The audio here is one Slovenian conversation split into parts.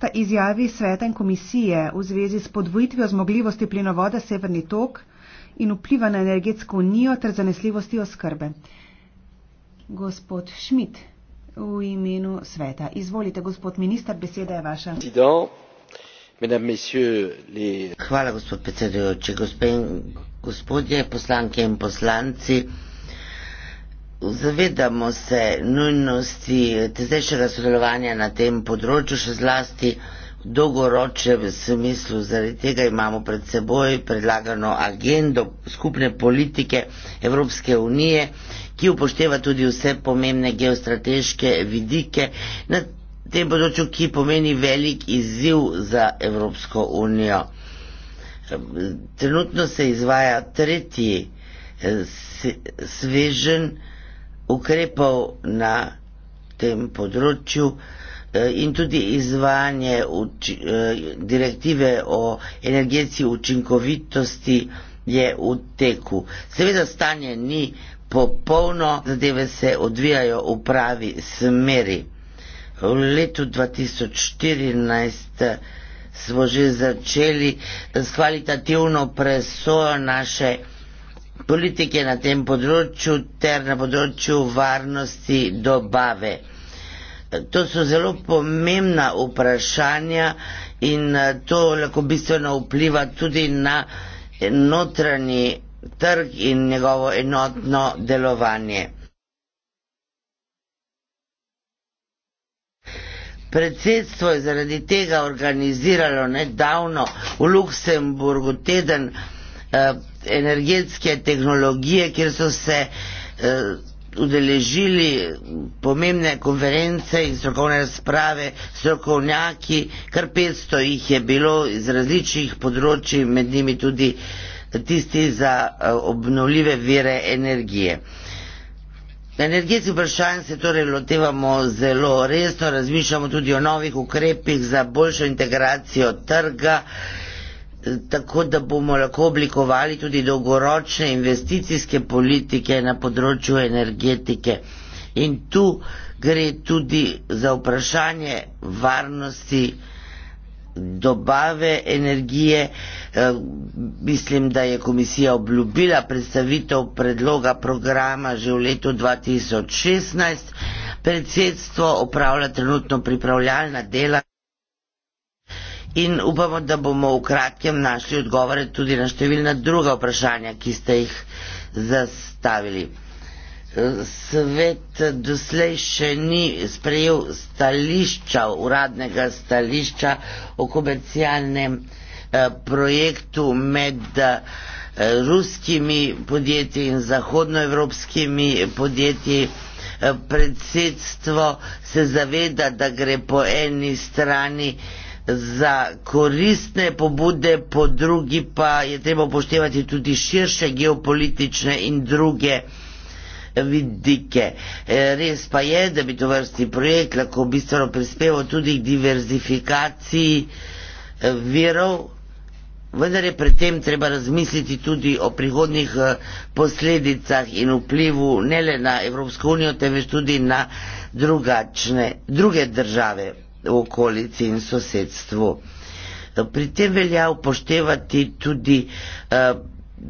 sta izjavi sveten komisije v zvezi s podvojitvijo zmogljivosti plinovoda Severni tok in vpliva na energetsko unijo ter zanesljivosti oskrbe. Gospod Šmit, v imenu sveta. Izvolite, gospod minister, beseda je vaša. Hvala, gospod predsedujoči. Gospe in gospodje, poslanke in poslanci. Zavedamo se nujnosti tesnejšega sodelovanja na tem področju, še zlasti dolgoročne v smislu, zaradi tega imamo pred seboj predlagano agendo skupne politike Evropske unije, ki upošteva tudi vse pomembne geostrateške vidike na tem področju, ki pomeni velik izziv za Evropsko unijo. Trenutno se izvaja tretji eh, svežen ukrepov na tem področju eh, in tudi izvajanje eh, direktive o energetski učinkovitosti je v teku. Seveda stanje ni popolno, zadeve se odvijajo v pravi smeri. V letu 2014 eh, smo že začeli s kvalitativno presojo naše politike na tem področju ter na področju varnosti dobave. To so zelo pomembna vprašanja in eh, to lahko bistveno vpliva tudi na notranji trg in njegovo enotno delovanje. Predsedstvo je zaradi tega organiziralo nedavno v Luksemburgu teden eh, energetske tehnologije, kjer so se uh, udeležili pomembne konference in strokovne razprave, strokovnjaki, kar 500 jih je bilo iz različnih področji, med njimi tudi tisti za uh, obnovljive vire energije. Energetski vprašanj se torej lotevamo zelo resno, razmišljamo tudi o novih ukrepih za boljšo integracijo trga. Uh, tako da bomo lahko oblikovali tudi dolgoročne investicijske politike na področju energetike. In tu gre tudi za vprašanje varnosti dobave energije. E, mislim, da je komisija obljubila predstavitev predloga programa že v letu 2016. Predsedstvo upravlja trenutno pripravljalna dela in upamo, da bomo v kratkem našli odgovore tudi na številna druga vprašanja, ki ste jih zastavili. Svet doslej še ni sprejel stališča, uradnega stališča o komercialnem eh, projektu med eh, ruskimi podjetji in zahodnoevropskimi podjetji. Eh, predsedstvo se zaveda, da gre po eni strani za koristne pobude, po drugi pa je treba upoštevati tudi širše geopolitične in druge vidike. E, res pa je, da bi to vrsti projekt lahko bistveno prispeval tudi k diverzifikaciji e, virov, vendar je pri tem treba razmisliti tudi o prihodnih e, posledicah in vplivu ne le na Evropsko unijo, temveč tudi na drugačne, druge države v okolici in sosedstvu. Pri tem velja upoštevati tudi eh,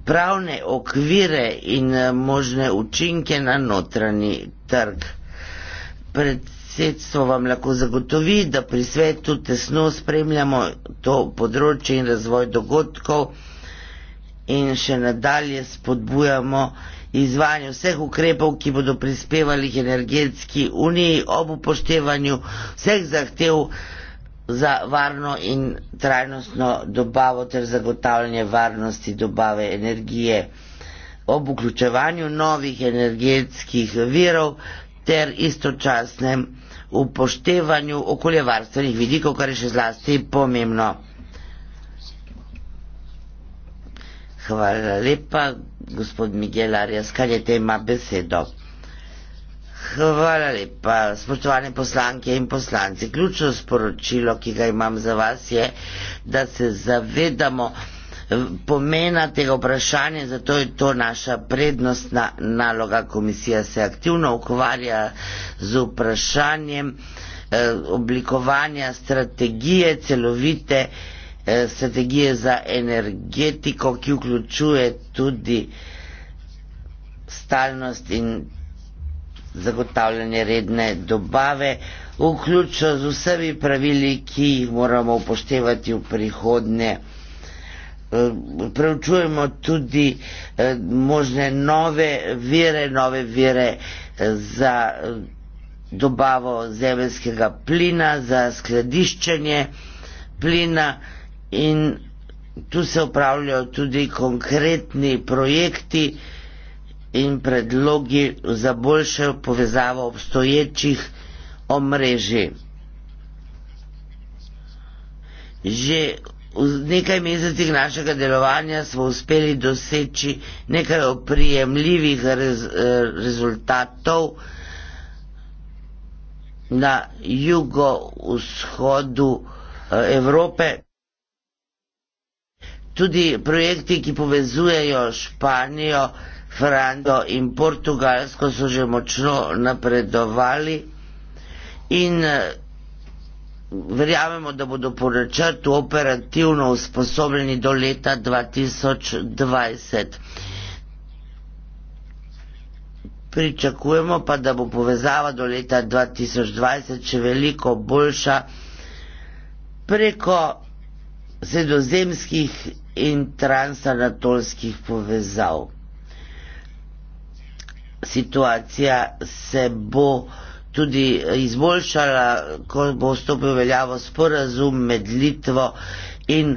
pravne okvire in eh, možne učinke na notranji trg. Predsedstvo vam lahko zagotovi, da pri svetu tesno spremljamo to področje in razvoj dogodkov in še nadalje spodbujamo izvajanje vseh ukrepov, ki bodo prispevali k energetski uniji ob upoštevanju vseh zahtev za varno in trajnostno dobavo ter zagotavljanje varnosti dobave energije ob vključevanju novih energetskih virov ter istočasnem upoštevanju okoljevarstvenih vidikov, kar je še zlasti pomembno. Hvala lepa, gospod Miguel Arias, kaj je te ima besedo? Hvala lepa, spoštovane poslanke in poslanci. Ključno sporočilo, ki ga imam za vas, je, da se zavedamo eh, pomena tega vprašanja, zato je to naša prednostna naloga. Komisija se aktivno ukvarja z vprašanjem eh, oblikovanja strategije celovite eh, Eh, strategije za energetiko, ki vključuje tudi stalnost in zagotavljanje redne dobave, vključno z vsemi pravili, ki jih moramo upoštevati v prihodnje. Eh, preučujemo tudi eh, možne nove vire, nove vire za dobavo zemeljskega plina, za skladiščenje plina in tu se upravljajo tudi konkretni projekti in predlogi za boljše povezavo obstoječih omrežij. Že v nekaj mesecih našega delovanja smo uspeli doseči nekaj oprijemljivih rez, eh, rezultatov na jugovzhodu eh, Evrope tudi projekti, ki povezujejo Španijo, Franco in Portugalsko, so že močno napredovali in eh, verjamemo, da bodo po načrtu operativno usposobljeni do leta 2020. Pričakujemo pa, da bo povezava do leta 2020 še veliko boljša preko sredozemskih in transanatolskih povezav. Situacija se bo tudi izboljšala, ko bo vstopil veljavo sporazum med Litvo in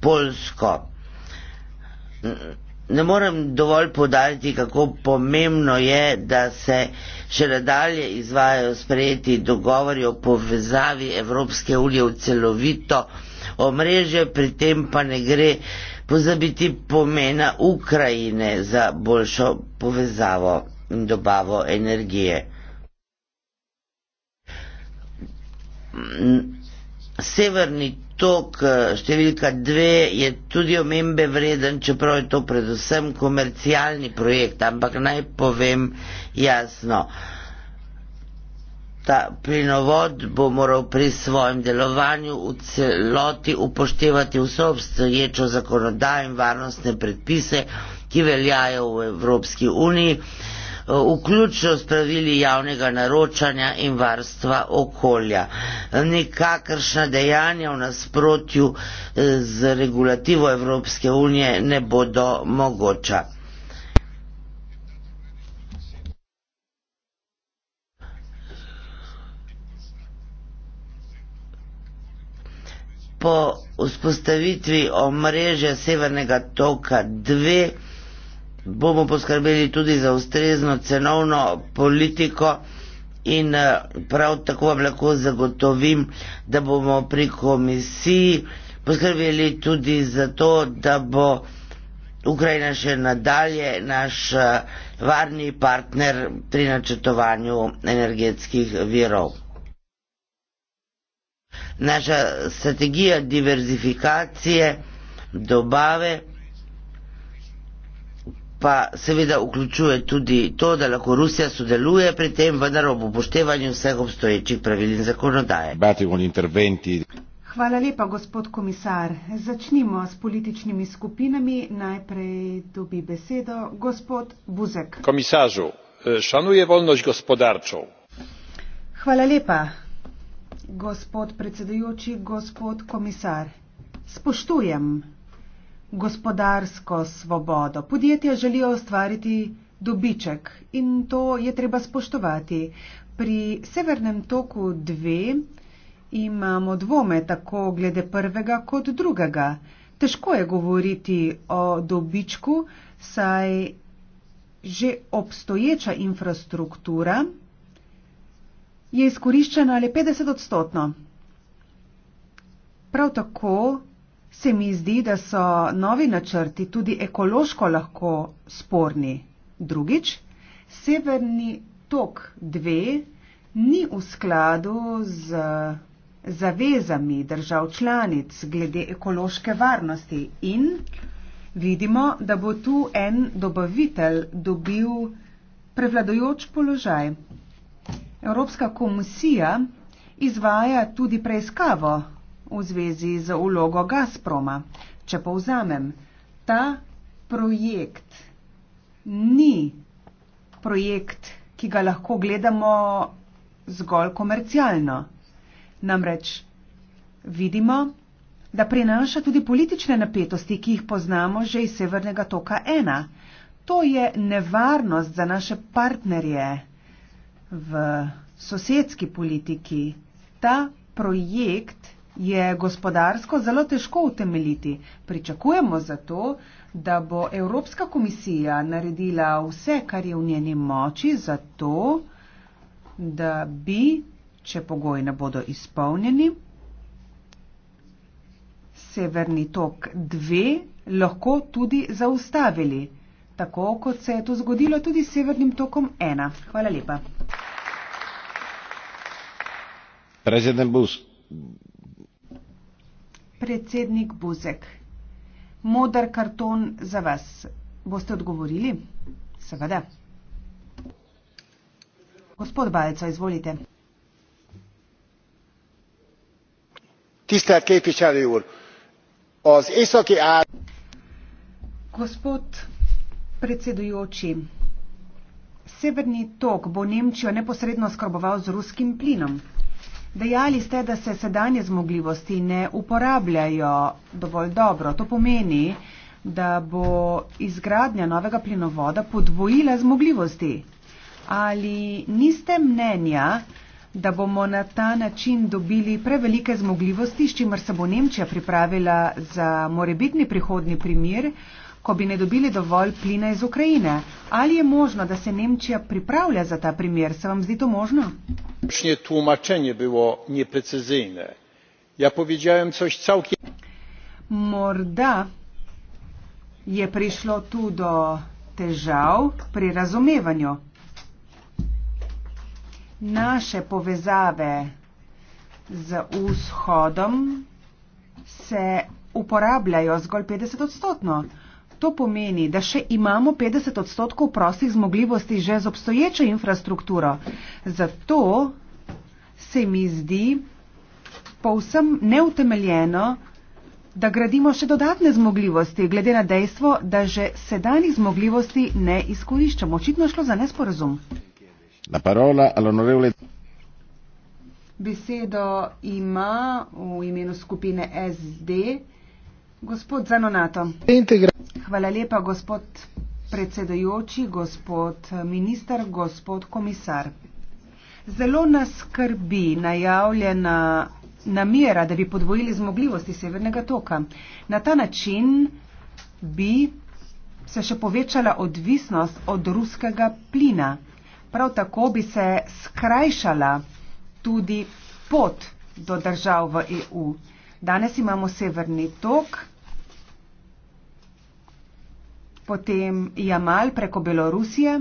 Polsko. Ne morem dovolj podariti, kako pomembno je, da se še nadalje izvajajo sprejeti dogovori o povezavi Evropske unije v celovito omrežje, pri tem pa ne gre pozabiti pomena Ukrajine za boljšo povezavo in dobavo energije. Mm, severni tok eh, številka dve je tudi omembe vreden, čeprav je to predvsem komercialni projekt, ampak naj povem jasno ta plinovod bo moral pri svojem delovanju v celoti upoštevati vso obstoječo zakonodajo in varnostne predpise, ki veljajo v Evropski uniji, vključno s pravili javnega naročanja in varstva okolja. Nikakršna dejanja v nasprotju eh, z regulativo Evropske unije ne bodo mogoča. po vzpostavitvi omrežja Severnega toka 2 bomo poskrbeli tudi za ustrezno cenovno politiko in eh, prav tako vam lahko zagotovim, da bomo pri komisiji poskrbeli tudi za to, da bo Ukrajina še nadalje naš eh, varni partner pri načrtovanju energetskih virov. Naša strategija diverzifikacije, dobave, pa seveda vključuje tudi to, da lahko Rusija sodeluje pri tem, vendar ob upoštevanju vseh obstoječih pravil in zakonodaje. Hvala lepa, gospod komisar. Začnimo s političnimi skupinami. Najprej dobi besedo gospod Buzek. Komisaru, eh, šanuje volnoš gospodarčev. Hvala lepa, gospod predsedujoči, gospod komisar. Spoštujem gospodarsko svobodo. Podjetja želijo ustvariti dobiček in to je treba spoštovati. Pri Severnem toku 2 imamo dvome tako glede prvega kot drugega. Težko je govoriti o dobičku, saj že obstoječa infrastruktura je izkoriščeno ali 50 odstotno. Prav tako se mi zdi, da so novi načrti tudi ekološko lahko sporni. Drugič, severni tok 2 ni v skladu z zavezami držav članic glede ekološke varnosti in vidimo, da bo tu en dobavitelj dobil prevladojoč položaj. Evropska komisija izvaja tudi preiskavo v zvezi z ulogo Gazproma. Če povzamem, ta projekt ni projekt, ki ga lahko gledamo zgolj komercialno. Namreč vidimo, da prinaša tudi politične napetosti, ki jih poznamo že iz Severnega toka 1. To je nevarnost za naše partnerje v sosedski politiki. Ta projekt je gospodarsko zelo težko utemeliti. Pričakujemo zato, da bo Evropska komisija naredila vse, kar je v njeni moči, zato, da bi, če pogoji ne bodo izpolnjeni, severni tok 2 lahko tudi zaustavili tako kot se je to zgodilo tudi s Severnim tokom 1. Hvala lepa. Predsednik Buz. Predsednik Buzek. Modar karton za vas. Boste odgovorili? Seveda. Gospod Balca, izvolite. Tisti, ki je pišali ur. Gospod predsedujoči. Severni tok bo Nemčijo neposredno skrboval z ruskim plinom. Dejali ste, da se sedanje zmogljivosti ne uporabljajo dovolj dobro. To pomeni, da bo izgradnja novega plinovoda podvojila zmogljivosti. Ali niste mnenja, da bomo na ta način dobili prevelike zmogljivosti, s čimer se bo Nemčija pripravila za morebitni prihodni primir, ko bi ne dobili dovolj plina iz Ukrajine. Ali je možno, da se Nemčija pripravlja za ta primer? Se vam zdi to možno? Ja Morda je prišlo tu do težav pri razumevanju. Naše povezave z vzhodom se uporabljajo zgolj 50 odstotno to pomeni, da še imamo 50 odstotkov prostih zmogljivosti že z obstoječo infrastrukturo. Zato se mi zdi povsem neutemeljeno, da gradimo še dodatne zmogljivosti, glede na dejstvo, da že sedanjih zmogljivosti ne izkoriščamo. Očitno šlo za nesporazum. La parola all'onorevole. Besedo ima v imenu skupine SD. Gospod Zanonato. Hvala lepa, gospod predsedajoči, gospod eh, minister, gospod komisar. Zelo nas skrbi najavljena namera, da bi podvojili zmogljivosti Severnega toka. Na ta način bi se še povečala odvisnost od ruskega plina. Prav tako bi se skrajšala tudi pot do držav v EU. Danes imamo severni tok, potem Jamal preko Belorusije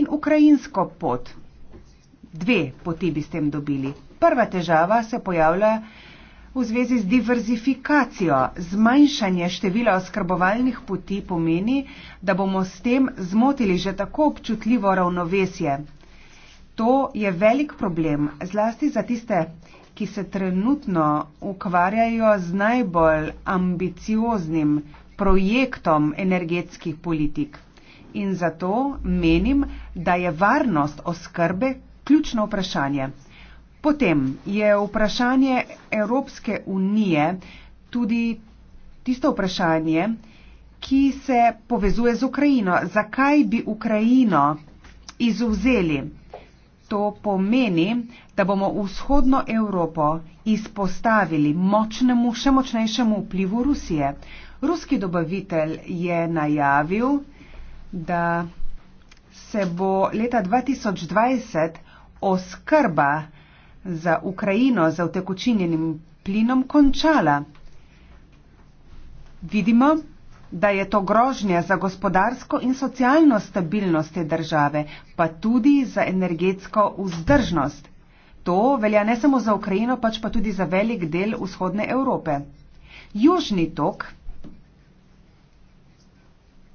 in ukrajinsko pot. Dve poti bi s tem dobili. Prva težava se pojavlja v zvezi z diverzifikacijo. Zmanjšanje števila oskrbovalnih poti pomeni, da bomo s tem zmotili že tako občutljivo ravnovesje. To je velik problem, zlasti za tiste ki se trenutno ukvarjajo z najbolj ambicioznim projektom energetskih politik. In zato menim, da je varnost oskrbe ključno vprašanje. Potem je vprašanje Evropske unije tudi tisto vprašanje, ki se povezuje z Ukrajino. Zakaj bi Ukrajino izuzeli? to pomeni, da bomo vzhodno Evropo izpostavili močnemu, še močnejšemu vplivu Rusije. Ruski dobavitelj je najavil, da se bo leta 2020 oskrba za Ukrajino za utekočinjenim plinom končala. Vidimo, da je to grožnja za gospodarsko in socialno stabilnost te države, pa tudi za energetsko vzdržnost. To velja ne samo za Ukrajino, pač pa tudi za velik del vzhodne Evrope. Južni tok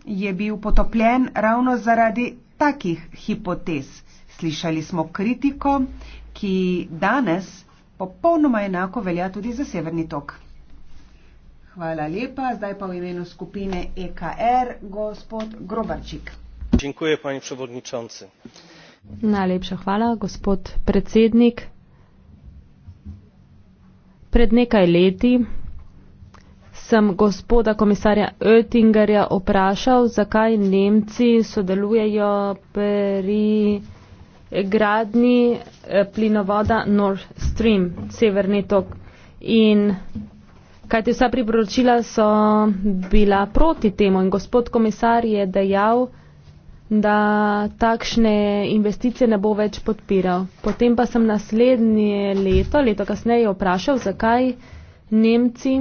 je bil potopljen ravno zaradi takih hipotez. Slišali smo kritiko, ki danes popolnoma enako velja tudi za severni tok. Hvala lepa. Zdaj pa v imenu skupine EKR gospod Grobarčik. Dziękuję, pani przewodniczący. Najlepša hvala, gospod predsednik. Pred nekaj leti sem gospoda komisarja Oettingerja vprašal, zakaj Nemci sodelujejo pri gradni eh, plinovoda Nord Stream, Severni tok. In Kajti vsa priporočila so bila proti temu in gospod komisar je dejal, da takšne investicije ne bo več podpiral. Potem pa sem naslednje leto, leto kasneje, vprašal, zakaj Nemci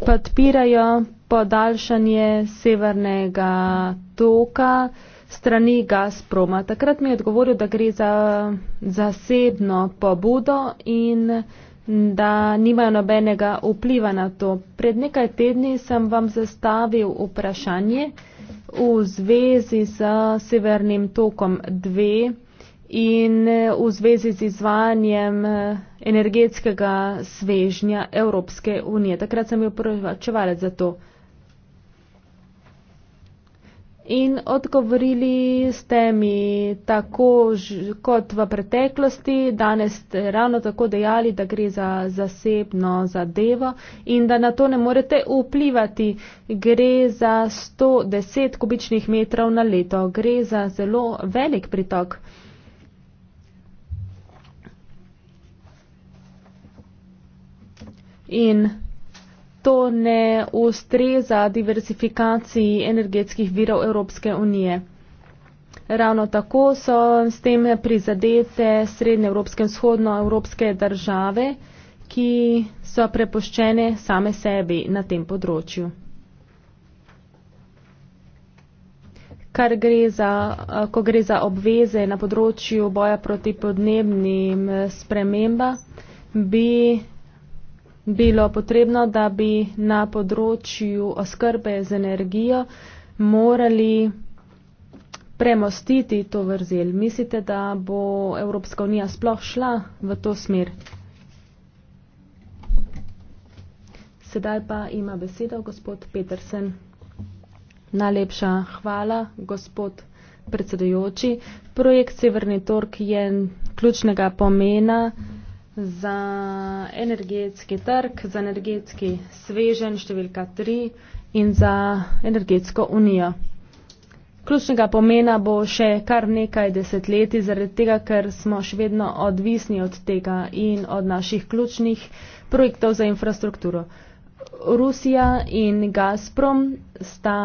podpirajo podaljšanje severnega toka strani Gazproma. Takrat mi je odgovoril, da gre za zasebno pobudo in da nimajo nobenega vpliva na to. Pred nekaj tedni sem vam zastavil vprašanje v zvezi z Severnim tokom 2 in v zvezi z izvanjem eh, energetskega svežnja Evropske unije. Takrat sem jo prvačevalec za to in odgovorili ste mi tako kot v preteklosti, danes ste ravno tako dejali, da gre za zasebno zadevo in da na to ne morete vplivati. Gre za 110 kubičnih metrov na leto, gre za zelo velik pritok. In to ne ustreza diversifikaciji energetskih virov Evropske unije. Ravno tako so s tem prizadete srednje evropske in vzhodno evropske države, ki so prepoščene same sebi na tem področju. Kar gre za, ko gre za obveze na področju boja proti podnebnim spremembam, bi bilo potrebno, da bi na področju oskrbe z energijo morali premostiti to vrzel. Mislite, da bo Evropska unija sploh šla v to smer? Sedaj pa ima besedo gospod Petersen. Najlepša hvala, gospod predsedujoči. Projekt Severni Tork je ključnega pomena za energetski trg, za energetski svežen številka 3 in za energetsko unijo. Ključnega pomena bo še kar nekaj desetletij, zaradi tega, ker smo še vedno odvisni od tega in od naših ključnih projektov za infrastrukturo. Rusija in Gazprom sta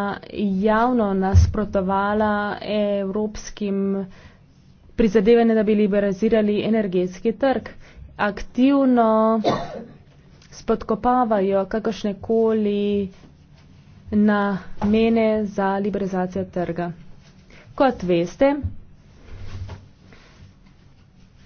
javno nasprotovala evropskim prizadevanjem, da bi liberalizirali energetski trg aktivno spodkopavajo kakršne koli namene za liberalizacijo trga. Kot veste,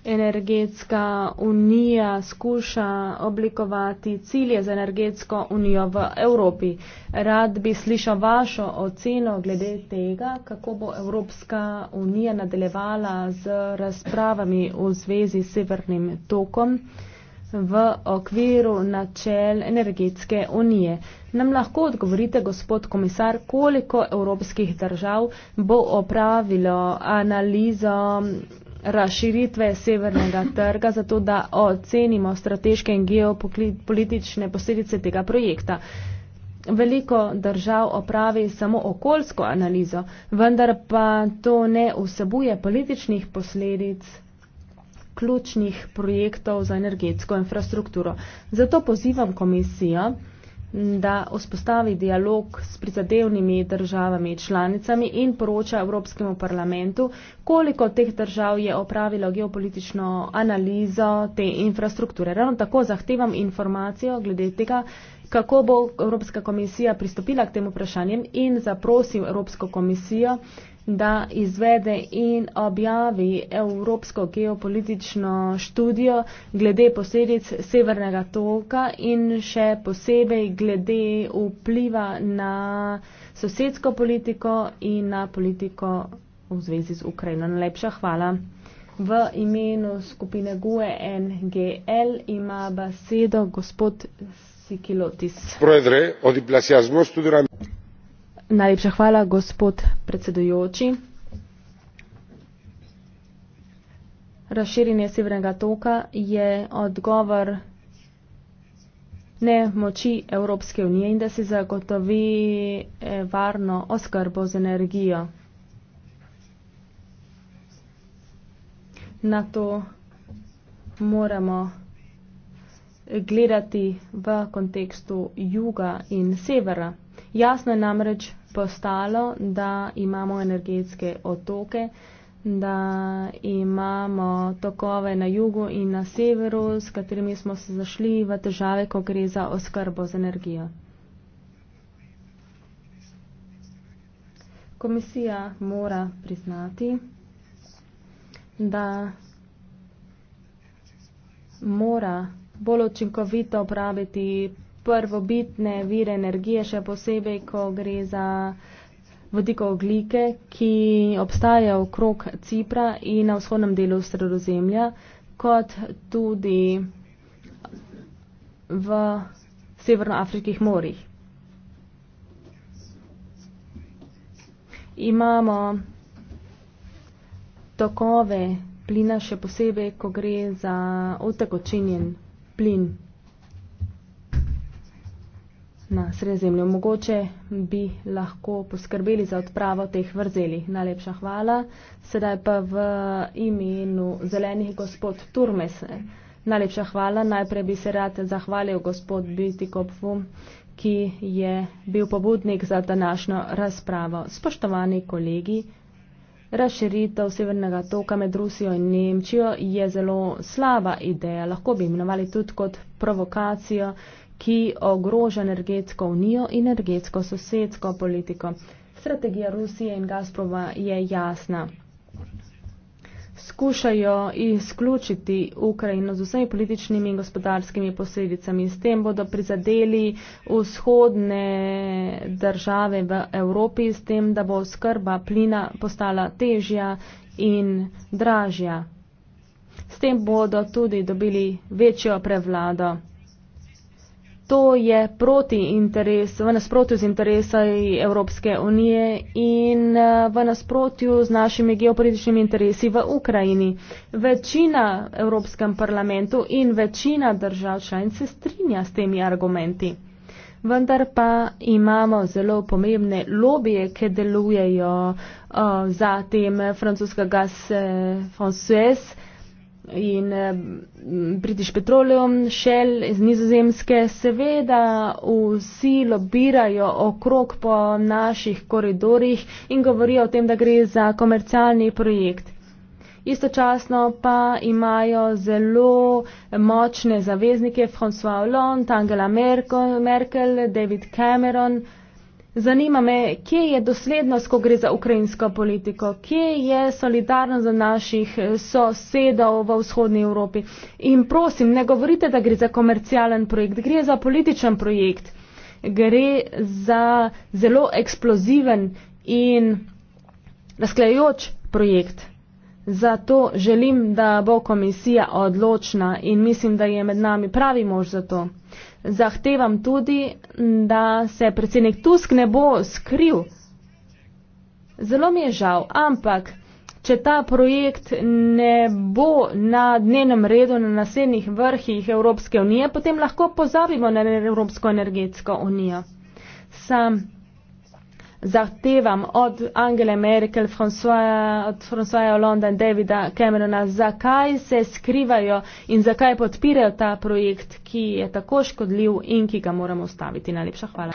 energetska unija skuša oblikovati cilje za energetsko unijo v Evropi. Rad bi slišal vašo oceno glede tega, kako bo Evropska unija nadaljevala z razpravami v zvezi s severnim tokom v okviru načel energetske unije. Nam lahko odgovorite, gospod komisar, koliko evropskih držav bo opravilo analizo razširitve severnega trga, zato da ocenimo strateške in geopolitične posledice tega projekta. Veliko držav opravi samo okoljsko analizo, vendar pa to ne vsebuje političnih posledic ključnih projektov za energetsko infrastrukturo. Zato pozivam komisijo, da vzpostavi dialog s prizadevnimi državami članicami in poroča Evropskemu parlamentu, koliko teh držav je opravilo geopolitično analizo te infrastrukture. Ravno tako zahtevam informacijo glede tega, kako bo Evropska komisija pristopila k tem vprašanjem in zaprosim Evropsko komisijo, da izvede in objavi evropsko geopolitično študijo glede posledic Severnega toka in še posebej glede vpliva na sosedsko politiko in na politiko v zvezi z Ukrajino. Najlepša hvala. V imenu skupine GUE NGL ima besedo gospod Sikilotis. Predre, Najlepša hvala, gospod predsedujoči. Razširjenje Severnega toka je odgovor nemoči Evropske unije in da se zagotovi eh, varno oskrbo z energijo. Na to moramo gledati v kontekstu juga in severa. Jasno je namreč, izpostalo, da imamo energetske otoke, da imamo tokove na jugu in na severu, s katerimi smo se zašli v težave, ko gre za oskrbo z energijo. Komisija mora priznati, da mora bolj učinkovito upraviti prvobitne vire energije, še posebej, ko gre za vodikooglike, ki obstajajo okrog Cipra in na vzhodnem delu sredozemlja, kot tudi v severnoafriških morjih. Imamo tokove plina, še posebej, ko gre za otekočinjen plin na sredzemlju. Mogoče bi lahko poskrbeli za odpravo teh vrzeli. Najlepša hvala. Sedaj pa v imenu zelenih gospod Turmese. Najlepša hvala. Najprej bi se rad zahvalil gospod Bitikopfu, ki je bil pobudnik za današnjo razpravo. Spoštovani kolegi, razširitev severnega toka med Rusijo in Nemčijo je zelo slaba ideja. Lahko bi imenovali tudi kot provokacijo ki ogroža energetsko unijo in energetsko sosedsko politiko. Strategija Rusije in Gazprova je jasna. Skušajo izključiti Ukrajino z vsemi političnimi in gospodarskimi posledicami. S tem bodo prizadeli vzhodne države v Evropi, s tem, da bo skrba plina postala težja in dražja. S tem bodo tudi dobili večjo prevlado. To je proti interes, v nasprotju z interesami Evropske unije in eh, v nasprotju z našimi geopolitičnimi interesi v Ukrajini. Večina Evropskem parlamentu in večina držav članic se strinja s temi argumenti. Vendar pa imamo zelo pomembne lobije, ki delujejo uh, za tem eh, francoskega gas uh, Fonsues, in eh, British Petroleum, Shell iz nizozemske, seveda vsi lobirajo okrog po naših koridorjih in govorijo o tem, da gre za komercialni projekt. Istočasno pa imajo zelo močne zaveznike François Hollande, Angela Merkel, David Cameron, eh, Zanima me, kje je doslednost, ko gre za ukrajinsko politiko, kje je solidarnost za naših eh, sosedov v vzhodni Evropi. In prosim, ne govorite, da gre za komercialen projekt, gre za političen projekt, gre za zelo eksploziven in razklejoč projekt. Zato želim, da bo komisija odločna in mislim, da je med nami pravi mož za to zahtevam tudi, da se predsednik Tusk ne bo skril. Zelo mi je žal, ampak če ta projekt ne bo na dnevnem redu na naslednjih vrhih Evropske unije, potem lahko pozabimo na Evropsko energetsko unijo. Sam zahtevam od Angele Merkel, Francoja Londa in Davida Camerona, zakaj se skrivajo in zakaj podpirajo ta projekt, ki je tako škodljiv in ki ga moramo ustaviti. Najlepša hvala.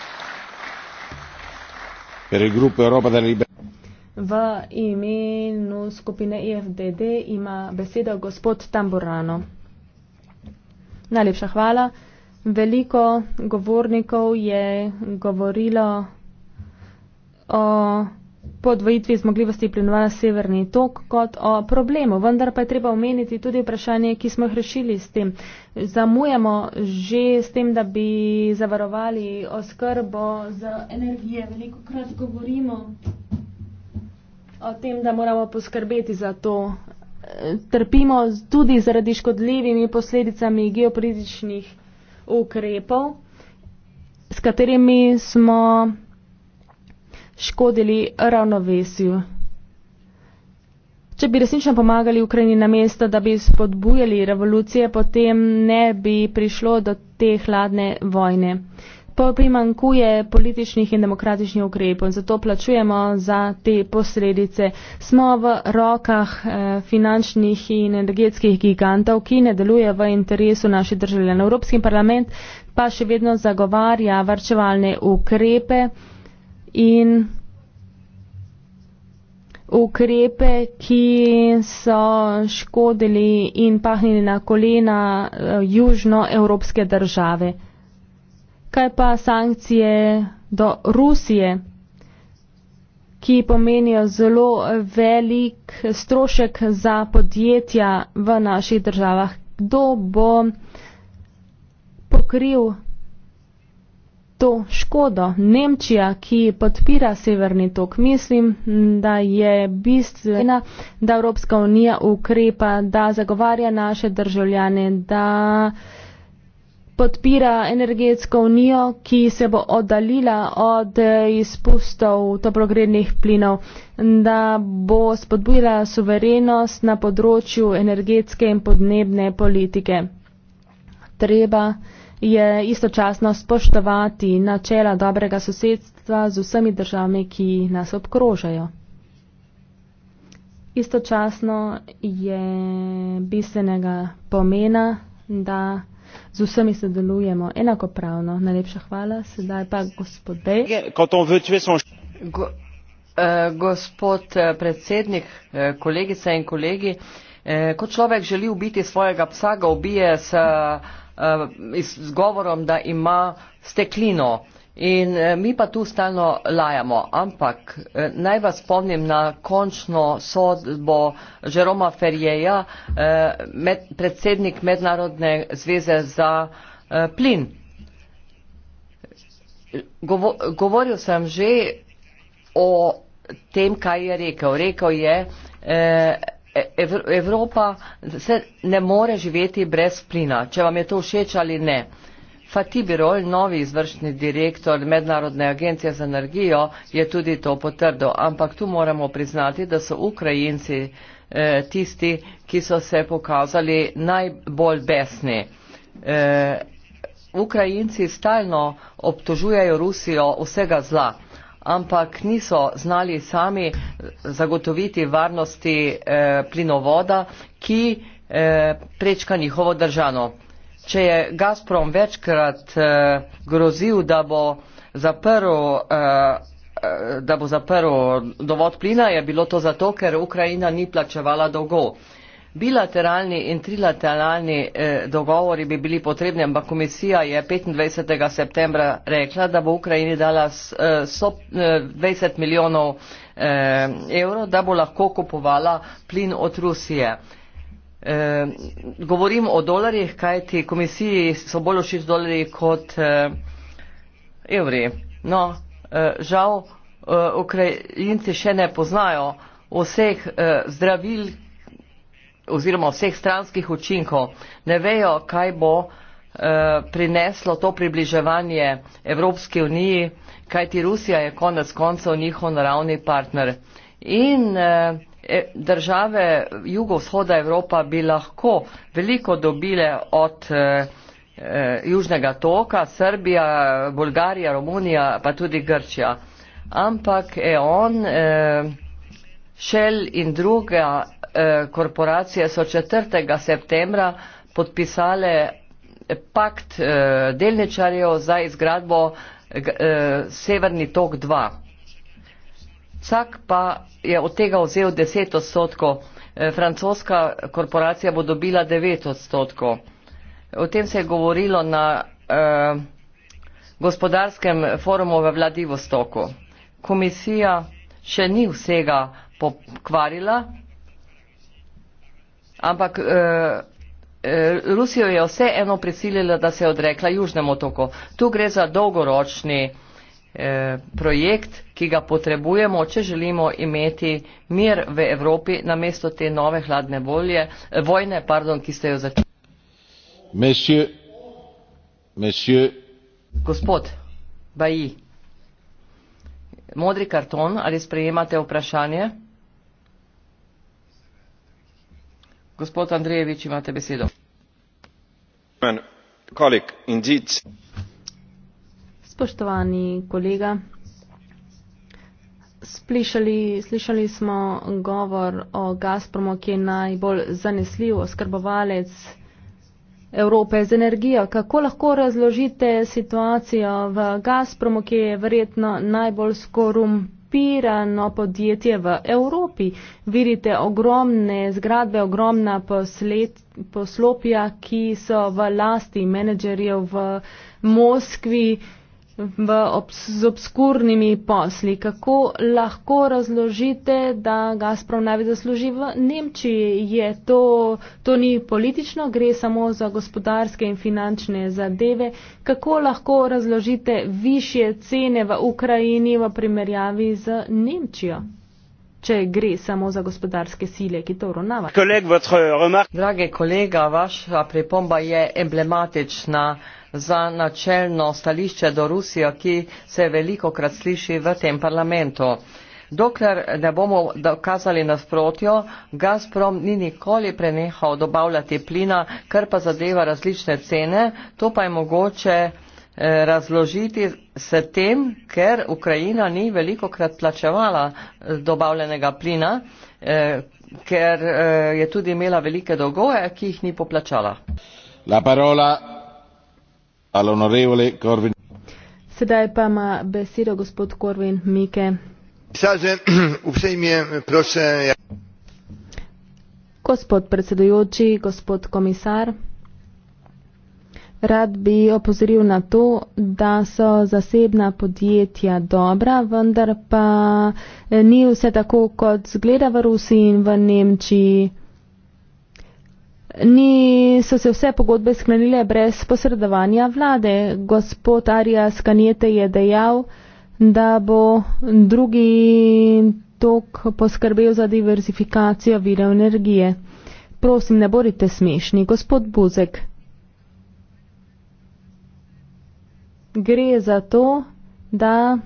V imenu skupine IFDD e ima besedo gospod Tamburano. Najlepša hvala. Veliko govornikov je govorilo o podvojitvi zmogljivosti plinova na severni tok kot o problemu. Vendar pa je treba omeniti tudi vprašanje, ki smo jih rešili s tem. Zamujamo že s tem, da bi zavarovali oskrbo z energije. Veliko krat govorimo o tem, da moramo poskrbeti za to. Trpimo tudi zaradi škodljivimi posledicami geopolitičnih ukrepov, s katerimi smo škodili ravnovesju. Če bi resnično pomagali Ukrajini na mesto, da bi spodbujali revolucije, potem ne bi prišlo do te hladne vojne. Primankuje političnih in demokratičnih ukrepov in zato plačujemo za te posledice. Smo v rokah eh, finančnih in energetskih gigantov, ki ne delujejo v interesu naših državljanov. Evropski parlament pa še vedno zagovarja varčevalne ukrepe in ukrepe, ki so škodili in pahnili na kolena eh, južnoevropske države. Kaj pa sankcije do Rusije, ki pomenijo zelo velik strošek za podjetja v naših državah? Kdo bo pokril to škodo. Nemčija, ki podpira severni tok, mislim, da je bistvena, da Evropska unija ukrepa, da zagovarja naše državljane, da podpira energetsko unijo, ki se bo oddaljila od izpustov toplogrednih plinov, da bo spodbujala suverenost na področju energetske in podnebne politike. Treba je istočasno spoštovati načela dobrega sosedstva z vsemi državami, ki nas obkrožajo. Istočasno je bistvenega pomena, da z vsemi sodelujemo enakopravno. Najlepša hvala. Sedaj pa gospode. Go, uh, gospod eh, predsednik, eh, kolegice in kolegi, uh, ko človek želi ubiti svojega psa, ga ubije s. Uh, uh, z govorom, da ima steklino. In eh, mi pa tu stalno lajamo, ampak eh, naj vas spomnim na končno sodbo Žeroma Ferjeja, med, predsednik Mednarodne zveze za plin. Govo, govoril sem že o tem, kaj je rekel. Rekel je, Evropa se ne more živeti brez plina, če vam je to všeč ali ne. Fati Birol, novi izvršni direktor Mednarodne agencije za energijo, je tudi to potrdil. Ampak tu moramo priznati, da so Ukrajinci eh, tisti, ki so se pokazali najbolj besni. Eh, Ukrajinci stalno obtožujejo Rusijo vsega zla ampak niso znali sami zagotoviti varnosti eh, plinovoda, ki eh, prečka njihovo državo. Če je Gazprom večkrat eh, grozil, da bo zaprl eh, eh da bo zaprl dovod plina, je bilo to zato, ker Ukrajina ni plačevala dolgov. Bilateralni in trilateralni eh, dogovori bi bili potrebni, ampak komisija je 25. septembra rekla, da bo Ukrajini dala s, eh, so, eh, 20 milijonov eh, evrov, da bo lahko kupovala plin od Rusije. Eh, govorim o dolarjih, kajti komisiji so bolj všeč dolarji kot eh, evri. No, eh, žal, eh, Ukrajinci še ne poznajo vseh eh, zdravil, oziroma vseh stranskih učinkov, ne vejo, kaj bo eh, prineslo to približevanje Evropske unije, kajti Rusija je konec koncev njihov naravni partner. In eh, e, države jugovzhoda Evropa bi lahko veliko dobile od eh, Južnega toka, Srbija, Bolgarija, Romunija, pa tudi Grčija. Ampak EON, Šel in druga Eh, korporacije so 4. septembra podpisale pakt eh, delničarjev za izgradbo eh, Severni tok 2. Vsak pa je od tega vzel 10 odstotkov, francoska korporacija bo dobila 9 odstotkov. O tem se je govorilo na eh, gospodarskem forumu v Vladivostoku. Komisija še ni vsega pokvarila, ampak eh, eh, Rusijo je vseeno prisilila, da se je odrekla južnemu toku. Tu gre za dolgoročni eh, projekt, ki ga potrebujemo, če želimo imeti mir v Evropi na mesto te nove hladne volje, vojne, pardon, ki ste jo začeli. Monsieur, monsieur. Gospod Baji, modri karton, ali sprejemate vprašanje? gospod andrejevič imate besedo spoštovani kolega splišali slišali smo govor o gazpromu ki je najbolj zanesljiv oskrbovalec Evrope z energijo. Kako lahko razložite situacijo v Gazpromu, ki je verjetno najbolj skorumpiran? najkorumpirano podjetje v Evropi. Vidite ogromne zgradbe, ogromna posled, poslopja, ki so v lasti menedžerjev v Moskvi v, obs, z obskurnimi posli. Kako lahko razložite, da Gazprom največ zasluži v Nemčiji? Je to, to ni politično, gre samo za gospodarske in finančne zadeve. Kako lahko razložite više cene v Ukrajini v primerjavi z Nemčijo? Če gre samo za gospodarske sile, ki to ravnavajo. Drage kolega, vaša pripomba je emblematična za načelno stališče do Rusije, ki se veliko krat sliši v tem parlamentu. Dokler ne bomo dokazali nasprotjo, Gazprom ni nikoli prenehal dobavljati plina, kar pa zadeva različne cene, to pa je mogoče eh, razložiti se tem, ker Ukrajina ni veliko krat plačevala eh, dobavljenega plina, eh, ker je tudi imela velike dolgove, ki jih ni poplačala. La parola all'onorevole Corvin. Sedaj pa ima besedo gospod Corvin Mike. Ja- gospod predsedujoči, gospod komisar, rad bi opozoril na to, da so zasebna podjetja dobra, vendar pa eh, ni vse tako, kot zgleda v Rusiji in v Nemčiji ni, so se vse pogodbe sklenile brez posredovanja vlade. Gospod Arias Kanjete je dejal, da bo drugi tok poskrbel za diverzifikacijo virov energije. Prosim, ne borite smešni, gospod Buzek. Gre za to, da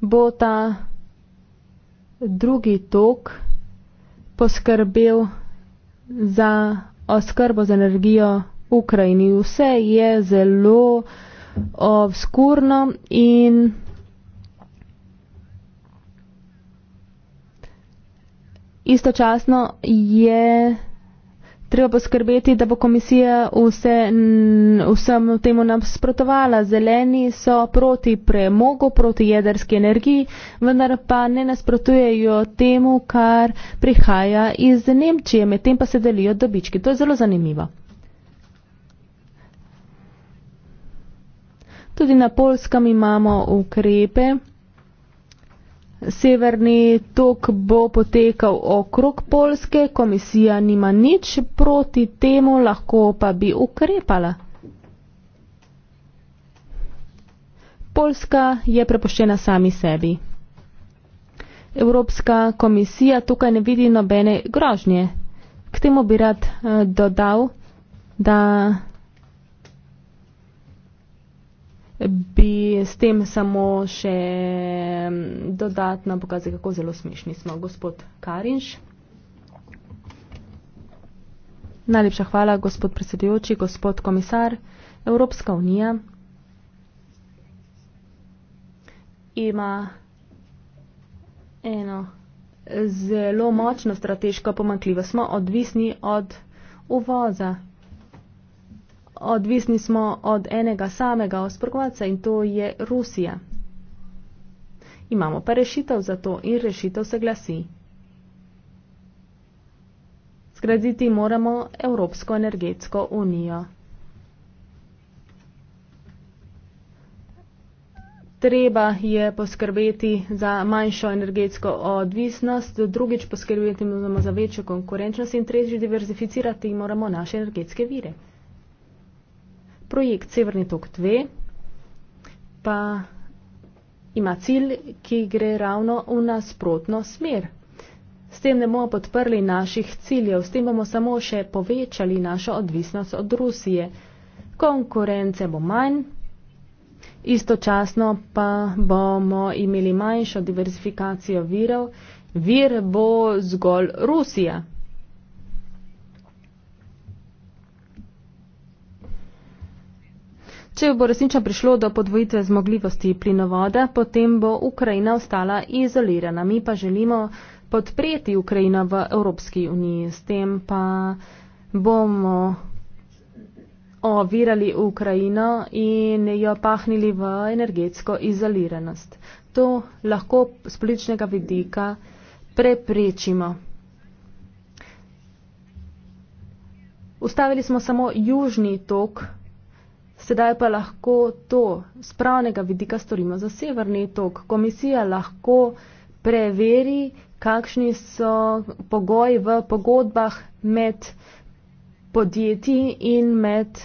bo ta drugi tok poskrbel za oskrbo z energijo Ukrajini. Vse je zelo obskurno in istočasno je. Treba poskrbeti, da bo komisija vse, vsem temu nasprotovala. Zeleni so proti premogu, proti jedrski energiji, vendar pa ne nasprotujejo temu, kar prihaja iz Nemčije, medtem pa se delijo dobički. To je zelo zanimivo. Tudi na polskem imamo ukrepe. Severni tok bo potekal okrog Polske, komisija nima nič proti temu, lahko pa bi ukrepala. Polska je prepoščena sami sebi. Evropska komisija tukaj ne vidi nobene grožnje. K temu bi rad eh, dodal, da bi s tem samo še mm, dodatno pokazali, kako zelo smešni smo. Gospod Karinš. Najlepša hvala, gospod predsedujoči, gospod komisar, Evropska unija ima eno zelo močno strateško pomankljivo. Smo odvisni od uvoza odvisni smo od enega samega osprkovalca in to je Rusija. Imamo pa rešitev za to in rešitev se glasi. Zgraditi moramo Evropsko energetsko unijo. Treba je poskrbeti za manjšo energetsko odvisnost, drugič poskrbeti moramo za večjo konkurenčnost in tretjič diverzificirati moramo naše energetske vire. Projekt Severni tok 2 pa ima cilj, ki gre ravno v nasprotno smer. S tem ne bomo podprli naših ciljev, s tem bomo samo še povečali našo odvisnost od Rusije. Konkurence bo manj, istočasno pa bomo imeli manjšo diversifikacijo virov, vir bo zgolj Rusija. Če bo resnično prišlo do podvojitve zmogljivosti plinovode, potem bo Ukrajina ostala izolirana. Mi pa želimo podpreti Ukrajino v Evropski uniji. S tem pa bomo ovirali Ukrajino in jo pahnili v energetsko izoliranost. To lahko z političnega vidika preprečimo. Ustavili smo samo južni tok Sedaj pa lahko to z pravnega vidika storimo za severni tok. Komisija lahko preveri, kakšni so pogoji v pogodbah med podjetji in med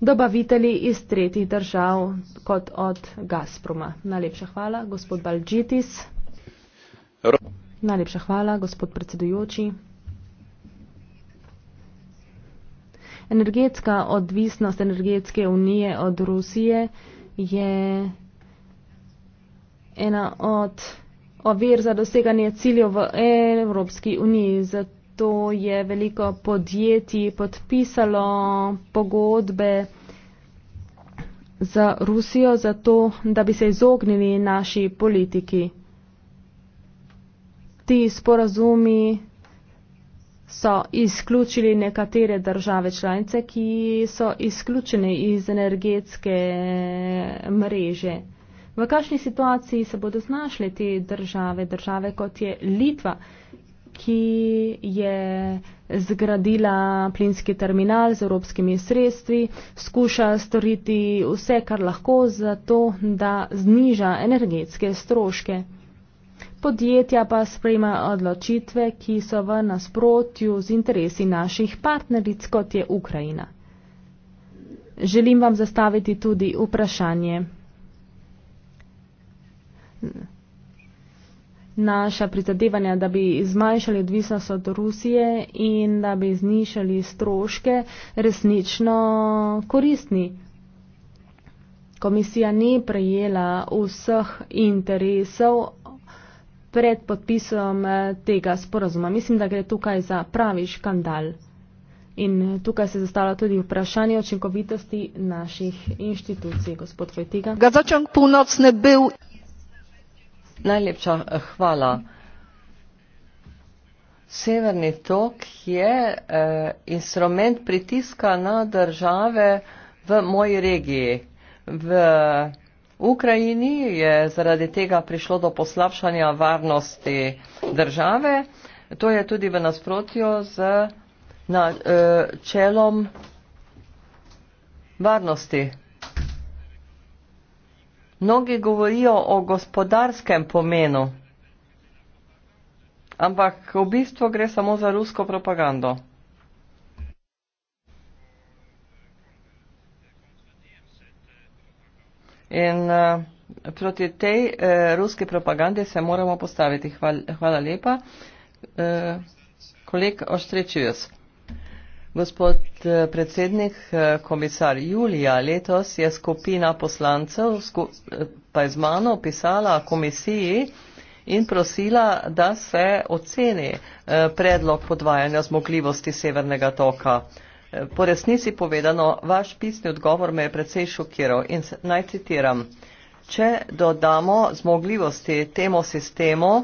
dobavitelji iz tretjih držav, kot od Gazproma. Najlepša hvala, gospod Balčitis. Najlepša hvala, gospod predsedujoči. Energetska odvisnost energetske unije od Rusije je ena od ovir za doseganje ciljev v Evropski uniji. Zato je veliko podjetij podpisalo pogodbe za Rusijo, zato da bi se izognili naši politiki. Ti sporazumi so izključili nekatere države članice, ki so izključene iz energetske mreže. V kakšni situaciji se bodo znašle te države, države kot je Litva, ki je zgradila plinski terminal z evropskimi sredstvi, skuša storiti vse, kar lahko, zato da zniža energetske stroške podjetja pa sprejma odločitve, ki so v nasprotju z interesi naših partneric, kot je Ukrajina. Želim vam zastaviti tudi vprašanje. Naša prizadevanja, da bi zmanjšali odvisnost od Rusije in da bi znišali stroške, resnično koristni. Komisija ni prejela vseh interesov pred podpisom eh, tega sporozuma. Mislim, da gre tukaj za pravi škandal. In eh, tukaj se zastavlja tudi vprašanje očinkovitosti naših inštitucij, gospod Fetiga. Gazačan Punoc ne bil. Najlepša hvala. Eh, Severni tok je eh, instrument pritiska na države v moji regiji. V, V Ukrajini je zaradi tega prišlo do poslabšanja varnosti države. To je tudi v nasprotju z načelom e, eh, varnosti. Mnogi govorijo o gospodarskem pomenu, ampak v bistvu gre samo za rusko propagando. In uh, proti tej uh, eh, ruske propagande se moramo postaviti. Hvala, hvala lepa. Uh, koleg Oštrečivjus. Gospod uh, predsednik, uh, komisar Julija letos je skupina poslancev sku, uh, pa je z mano pisala komisiji in prosila, da se oceni uh, predlog podvajanja zmogljivosti severnega toka. Uh, Po resnici povedano, vaš pisni odgovor me je precej šokiral in naj citiram. Če dodamo zmogljivosti temu sistemu,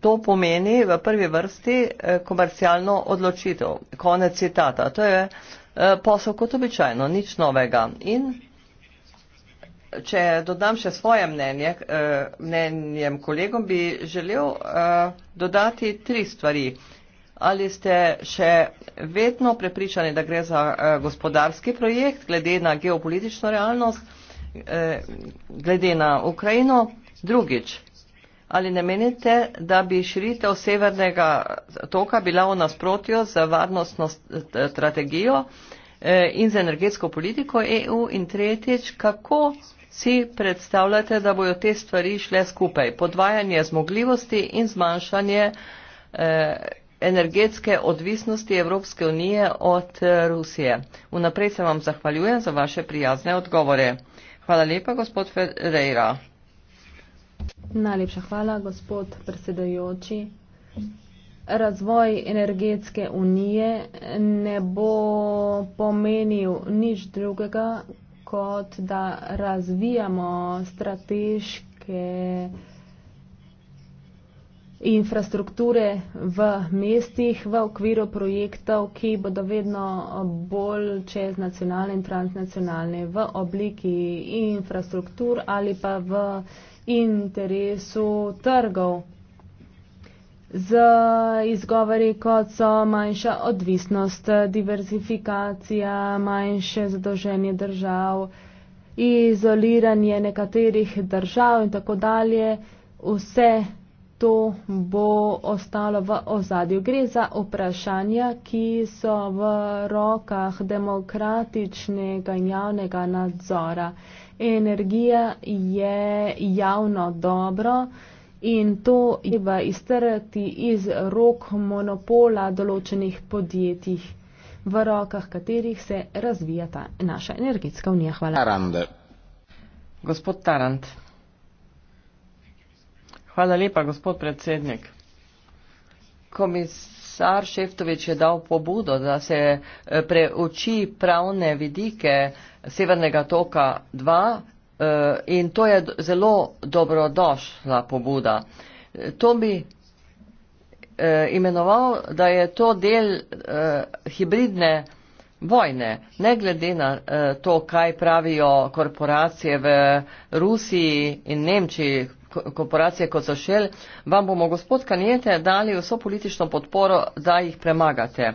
to pomeni v prvi vrsti eh, komercialno odločitev. Konec citata. To je eh, posel kot običajno, nič novega. In če dodam še svoje mnenje, eh, mnenjem kolegom, bi želel dodati tri stvari ali ste še vedno prepričani, da gre za eh, gospodarski projekt, glede na geopolitično realnost, eh, glede na Ukrajino, drugič. Ali ne menite, da bi širitev severnega toka bila v nasprotju z varnostno strategijo eh, in z energetsko politiko EU in tretjič, kako si predstavljate, da bojo te stvari šle skupaj? Podvajanje zmogljivosti in zmanjšanje energetske odvisnosti Evropske unije od eh, Rusije. Vnaprej se vam zahvaljujem za vaše prijazne odgovore. Hvala lepa, gospod Ferreira. Najlepša hvala, gospod predsedajoči. Razvoj energetske unije ne bo pomenil nič drugega, kot da razvijamo strateške infrastrukture v mestih v okviru projektov, ki bodo vedno bolj čez nacionalne in transnacionalne v obliki infrastruktur ali pa v interesu trgov z izgovori, kot so manjša odvisnost, diversifikacija, manjše zadolženje držav, izoliranje nekaterih držav in tako dalje. Vse to bo ostalo v ozadju. Gre za vprašanja, ki so v rokah demokratičnega in javnega nadzora. Energija je javno dobro in to treba iztrati iz rok monopola določenih podjetij, v rokah katerih se razvijata naša energetska unija. Hvala. Tarant. Gospod Tarant. Hvala lepa, gospod predsednik. Komisar Šeftovič je dal pobudo, da se eh, preuči pravne vidike Severnega toka 2 eh, in to je zelo dobrodošla pobuda. Eh, to bi imenoval, da je to del hibridne vojne. Ne glede na to, kaj pravijo korporacije v Rusiji in Nemčiji, korporacije kot so šel, vam bomo gospod Kanjete dali vso politično podporo, da jih premagate.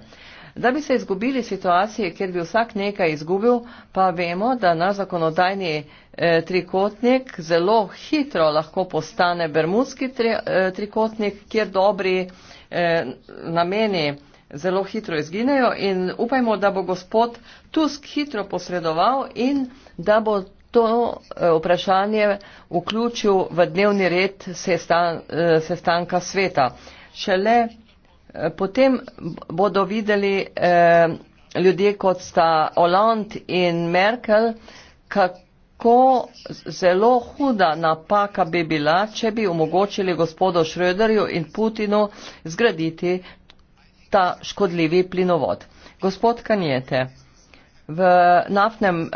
Da bi se izgubili situacije, kjer bi vsak nekaj izgubil, pa vemo, da naš zakonodajni eh, trikotnik zelo hitro lahko postane bermudski tri, eh, trikotnik, kjer dobri eh, nameni zelo hitro izginejo in upajmo, da bo gospod Tusk hitro posredoval in da bo to eh, vprašanje vključil v dnevni red eh, sestanka sveta. Šele eh, potem bodo videli ljudje, kot sta Oland in Merkel, kako zelo huda napaka bi bila, če bi omogočili gospodu Šröderju in Putinu zgraditi ta škodljivi plinovod. Gospod Kanjete, v naftnem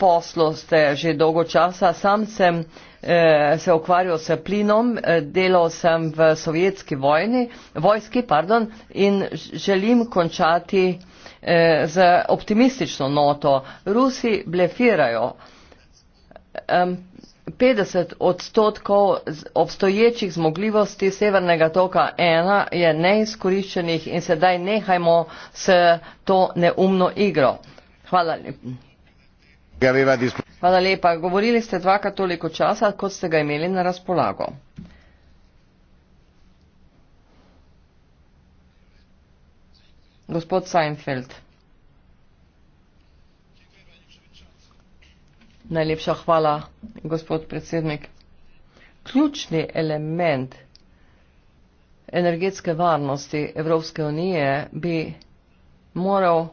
poslu ste že dolgo časa. Sam sem eh, se ukvarjal s plinom, eh, delal sem v sovjetski vojni, vojski pardon, in želim končati eh, z optimistično noto. Rusi blefirajo. Um, 50 odstotkov obstoječih zmogljivosti Severnega toka 1 je neizkoriščenih in sedaj nehajmo s to neumno igro. Hvala lepa. Hvala lepa. Govorili ste dvakrat toliko časa, kot ste ga imeli na razpolago. Gospod Seinfeld. Najlepša hvala, gospod predsednik. Ključni element energetske varnosti Evropske unije bi moral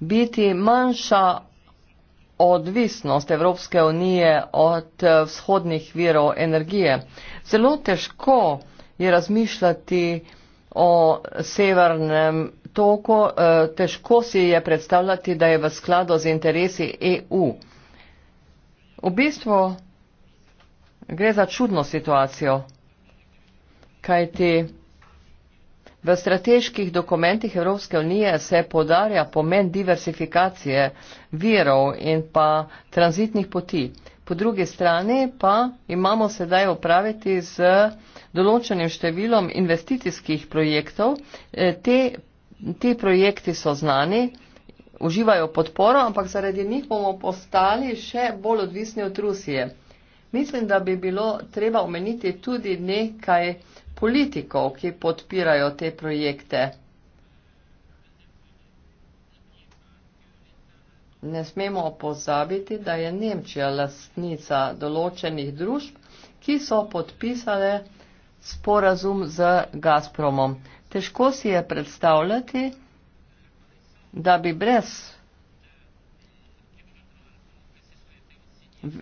biti manjša odvisnost Evropske unije od eh, vzhodnih virov energije. Zelo težko je razmišljati o severnem toku, eh, težko si je predstavljati, da je v skladu z interesi EU. V bistvu gre za čudno situacijo, kajti V strateških dokumentih Evropske unije se podarja pomen diversifikacije virov in pa tranzitnih poti. Po drugi strani pa imamo sedaj upraviti z določenim številom investicijskih projektov. E, te, ti projekti so znani, uživajo podporo, ampak zaradi njih bomo postali še bolj odvisni od Rusije. Mislim, da bi bilo treba omeniti tudi nekaj eh, politikov, ki podpirajo te projekte. Ne smemo pozabiti, da je Nemčija lastnica določenih družb, ki so podpisale sporazum z Gazpromom. Težko si je predstavljati, da bi brez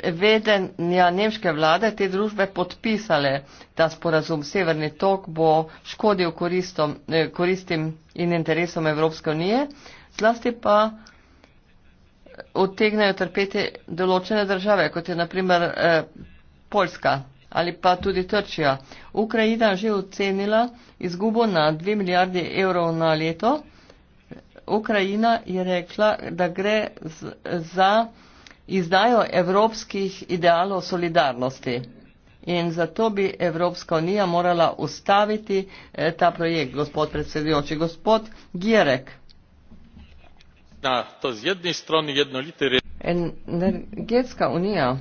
vedenja nemške vlade te družbe podpisale, da sporazum Severni tok bo škodil koristom, eh, koristim in interesom Evropske unije, zlasti pa odtegnejo trpeti določene države, kot je naprimer eh, Poljska ali pa tudi Trčija. Ukrajina že ocenila izgubo na 2 milijardi evrov na leto. Ukrajina je rekla, da gre z, za izdajo evropskih idealov solidarnosti. In zato bi Evropska unija morala ustaviti eh, ta projekt, gospod predsedujoči. Gospod Gjerek. Da, to z jedne strani jednolite reči. Energetska unija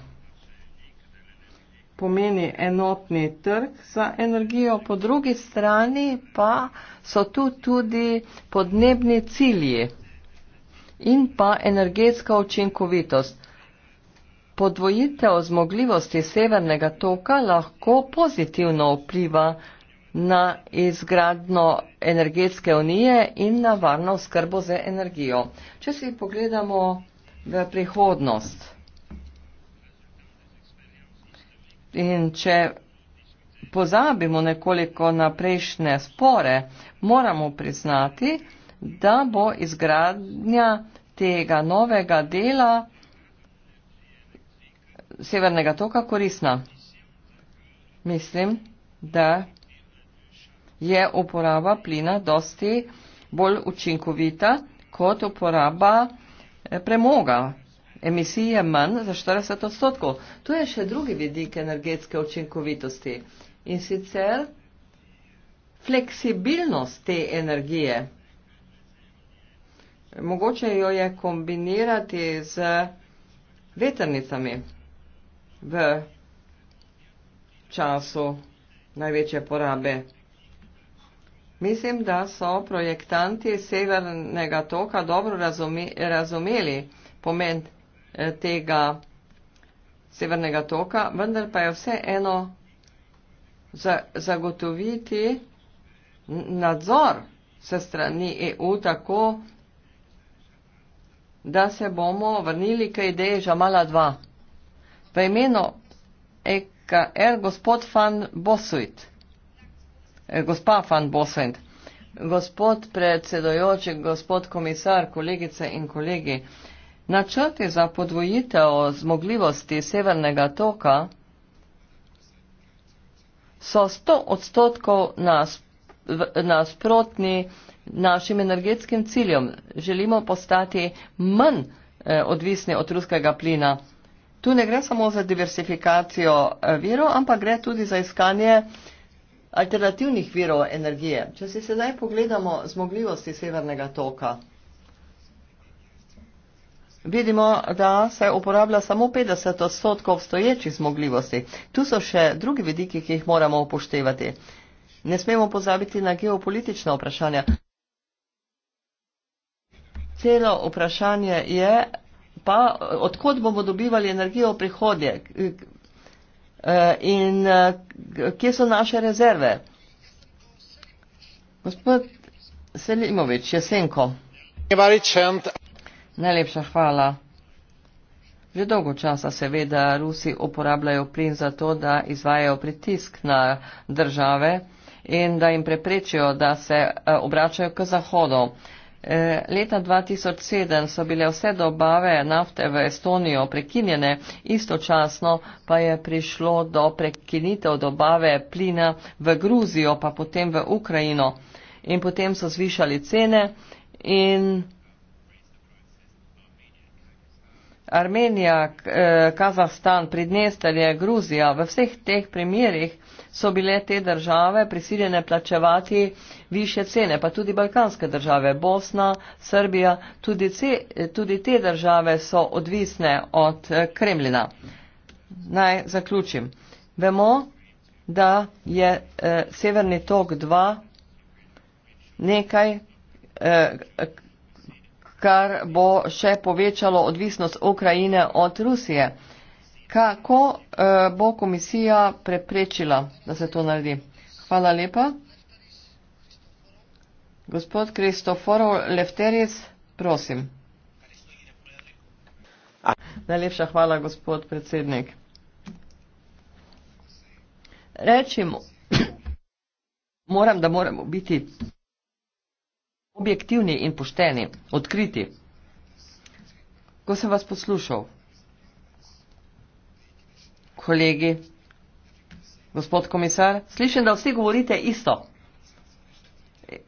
pomeni enotni trg za energijo, po drugi strani pa so tu tudi podnebni cilji in pa energetska učinkovitost podvojitev zmogljivosti severnega toka lahko pozitivno vpliva na izgradno energetske unije in na varno skrbo z energijo. Če si pogledamo v prihodnost in če pozabimo nekoliko na prejšnje spore, moramo priznati, da bo izgradnja tega novega dela Severnega toka korisna? Mislim, da je uporaba plina dosti bolj učinkovita kot uporaba eh, premoga. Emisij je manj za 40 odstotkov. To je še drugi vidik energetske učinkovitosti in sicer fleksibilnost te energije. Mogoče jo je kombinirati z veternicami v času največje porabe. Mislim, da so projektanti severnega toka dobro razume, razumeli pomen eh, tega severnega toka, vendar pa je vse eno za, zagotoviti nadzor se strani EU tako, da se bomo vrnili k ideji Žamala 2 v imenu EKR gospod Van Bosuit. Eh, gospa Van Bosuit. Gospod predsedojoči, gospod komisar, kolegice in kolegi. Načrti za podvojitev zmogljivosti severnega toka so 100 odstotkov nas, nasprotni našim energetskim ciljem. Želimo postati manj eh, odvisni od ruskega plina. Tu ne gre samo za diversifikacijo eh, virov, ampak gre tudi za iskanje alternativnih virov energije. Če si sedaj pogledamo zmogljivosti severnega toka, vidimo, da se uporablja samo 50 odstotkov stoječih zmogljivosti. Tu so še drugi vidiki, ki jih moramo upoštevati. Ne smemo pozabiti na geopolitična vprašanja. Celo vprašanje je pa odkot bomo dobivali energijo v prihodnje in kje so naše rezerve. Gospod Selimovič, Jesenko. Najlepša hvala. Že dolgo časa seveda Rusi uporabljajo plin za to, da izvajajo pritisk na države in da jim preprečijo, da se eh, obračajo k zahodu. Eh, leta 2007 so bile vse dobave nafte v Estonijo prekinjene, istočasno pa je prišlo do prekinitev dobave plina v Gruzijo, pa potem v Ukrajino. In potem so zvišali cene in Armenija, eh, Kazahstan, Pridnestelje, Gruzija, v vseh teh primerjih so bile te države prisiljene plačevati više cene, pa tudi balkanske države, Bosna, Srbija, tudi, ce, tudi te države so odvisne od eh, Kremlina. Naj zaključim. Vemo, da je eh, Severni tok 2 nekaj, eh, kar bo še povečalo odvisnost Ukrajine od Rusije kako uh, bo komisija preprečila, da se to naredi. Hvala lepa. Gospod Kristoforov Lefteric, prosim. Najlepša hvala, gospod predsednik. Rečimo, moram, da moramo biti objektivni in pošteni, odkriti. Ko sem vas poslušal, kolegi. Gospod komisar, slišim, da vsi govorite isto.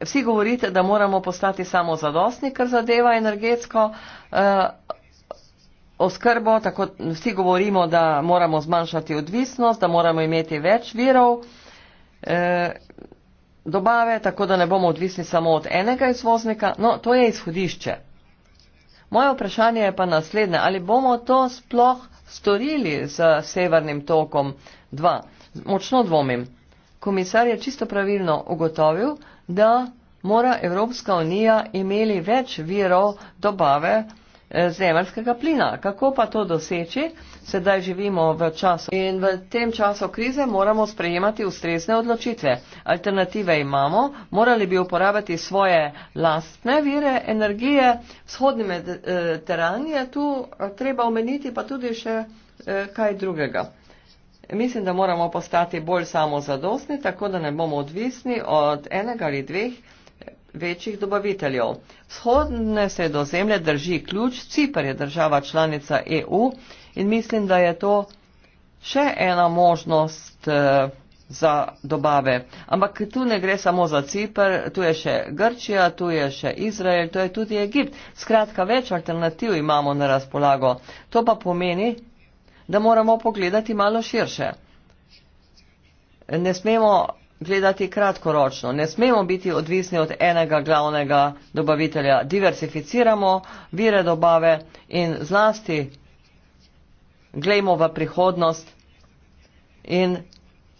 Vsi govorite, da moramo postati samo zadostni, kar zadeva energetsko eh, oskrbo. Tako, vsi govorimo, da moramo zmanjšati odvisnost, da moramo imeti več virov eh, dobave, tako da ne bomo odvisni samo od enega izvoznika. No, to je izhodišče. Moje vprašanje je pa naslednje, ali bomo to sploh storili z severnim tokom 2. Močno dvomim. Komisar je čisto pravilno ugotovil, da mora Evropska unija imeli več virov dobave Eh, zemeljskega plina. Kako pa to doseči? Sedaj živimo v času in v tem času krize moramo sprejemati ustrezne odločitve. Alternative imamo, morali bi uporabiti svoje lastne vire energije. Vzhodni mediteran je tu treba omeniti pa tudi še eh, kaj drugega. Mislim, da moramo postati bolj samozadostni, tako da ne bomo odvisni od enega ali dveh večjih dobaviteljev. Vzhodne se do zemlje drži ključ, Cipr je država članica EU in mislim, da je to še ena možnost eh, za dobave. Ampak tu ne gre samo za Cipr, tu je še Grčija, tu je še Izrael, tu je tudi Egipt. Skratka, več alternativ imamo na razpolago. To pa pomeni, da moramo pogledati malo širše. Ne smemo gledati kratkoročno. Ne smemo biti odvisni od enega glavnega dobavitelja. Diversificiramo vire dobave in zlasti gledamo v prihodnost in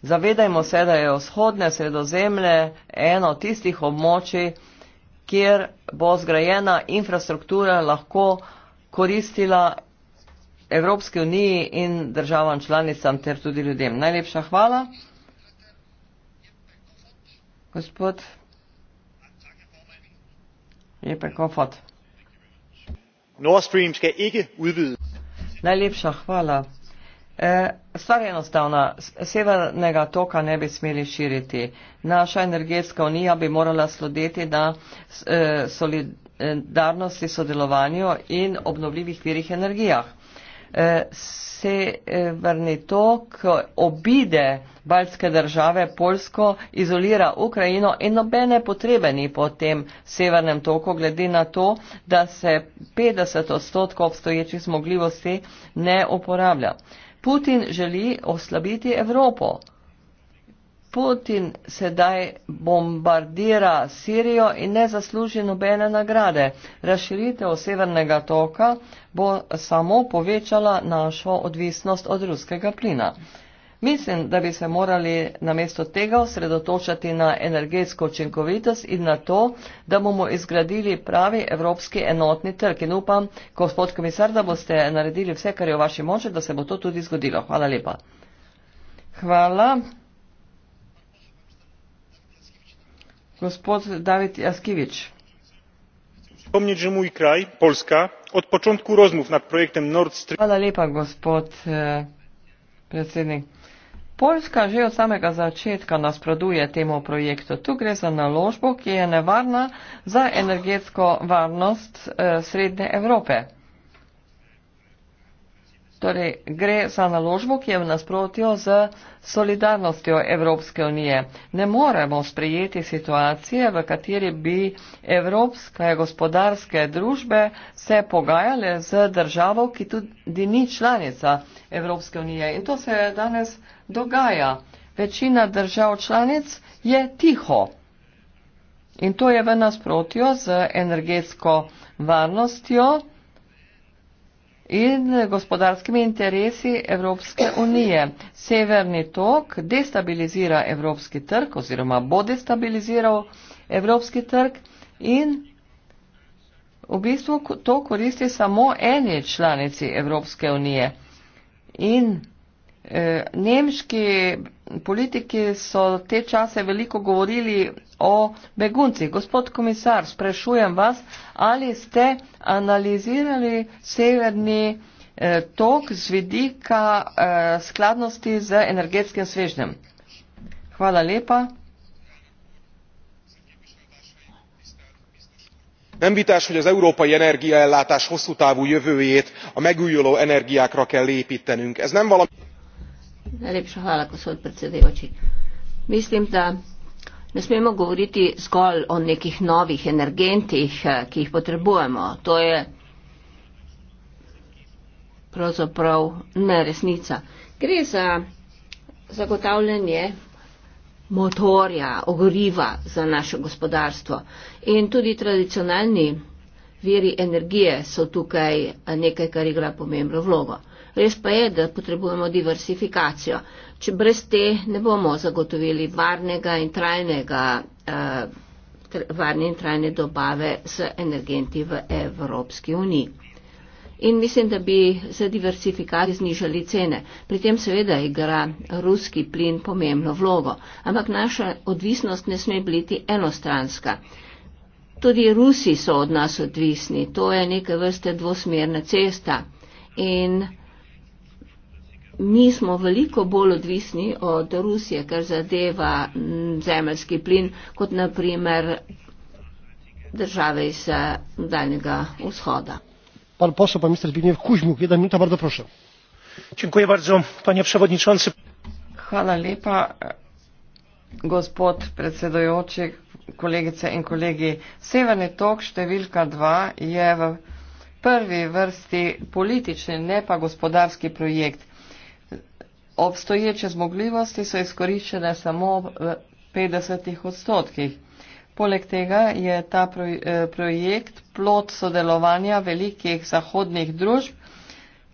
zavedajmo se, da je vzhodne sredozemlje eno tistih območij, kjer bo zgrajena infrastruktura lahko koristila Evropske unije in državam članicam ter tudi ljudem. Najlepša hvala. Gospod Jeppe Koffert. Nord Stream skal ikke udvide. Najlepša hvala. E, stvar je enostavna. Severnega toka ne bi smeli širiti. Naša energetska unija bi morala slodeti na e, solidarnosti, e, sodelovanju in obnovljivih virih energijah. Eh, se eh, vrne to, ko obide baltske države Polsko, izolira Ukrajino in nobene potrebe ni po tem severnem toku, glede na to, da se 50 odstotkov obstoječih zmogljivosti ne uporablja. Putin želi oslabiti Evropo. Putin sedaj bombardira Sirijo in ne zasluži nobene nagrade. Razširitev severnega toka bo samo povečala našo odvisnost od ruskega plina. Mislim, da bi se morali namesto tega osredotočati na energetsko učinkovitost in na to, da bomo izgradili pravi evropski enotni trg. In upam, gospod komisar, da boste naredili vse, kar je v vaši moči, da se bo to tudi zgodilo. Hvala lepa. Hvala. przypomnieć że mój kraj polska od początku rozmów nad projektem nord stream. Eh, polska že od samega začetka nasproduje temu projektu. Tu gre za naložbo, ki je nevarna za energetsko varnost eh, srednje Evrope. Torej, gre za naložbo, ki je v nasprotju z solidarnostjo Evropske unije. Ne moremo sprejeti situacije, v kateri bi evropske gospodarske družbe se pogajale z državo, ki tudi ni članica Evropske unije. In to se danes dogaja. Večina držav članic je tiho. In to je v nasprotju z energetsko varnostjo in gospodarskimi interesi Evropske unije. Severni tok destabilizira evropski trg oziroma bo destabiliziral evropski trg in v bistvu to koristi samo eni članici Evropske unije. In E, nemški politiki so te čase veliko govorili o beguncih. Gospod komisar, sprašujem vas, ali ste analizirali severni e, tok z vidika e, skladnosti z energetskim svežnjem? Hvala lepa. Nem vitás, hogy az európai energiaellátás hosszú távú jövőjét a megújuló energiákra kell építenünk. Ez nem valami... Najlepša hvala, gospod predsedevoči. Mislim, da ne smemo govoriti zgolj o nekih novih energentih, eh, ki jih potrebujemo. To je pravzaprav neresnica. Gre za zagotavljanje motorja, ogoriva za naše gospodarstvo. In tudi tradicionalni viri energije so tukaj eh, nekaj, kar igra pomembno vlogo. Res pa je, da potrebujemo diversifikacijo. Če brez te ne bomo zagotovili varnega in trajnega, eh, varne in trajne dobave z energenti v Evropski uniji. In mislim, da bi za diversifikacijo znižali cene. Pri tem seveda igra ruski plin pomembno vlogo, ampak naša odvisnost ne sme biti enostranska. Tudi Rusi so od nas odvisni, to je neke vrste dvosmerna cesta. In mi smo veliko bolj odvisni od Rusije, kar zadeva zemljski plin, kot naprimer države iz eh, Daljnega vzhoda. Pan posel, pan minister Zbigniew Kuzmuk, jedna minuta, bardzo proszę. Dziękuję bardzo, panie przewodniczący. Hvala lepa, eh, gospod predsedujoči, kolegice in kolegi. Severni tok številka 2 je v prvi vrsti politični, ne pa gospodarski projekt obstoječe zmogljivosti so izkoriščene samo v 50 odstotkih. Poleg tega je ta eh, projekt plot sodelovanja velikih zahodnih družb,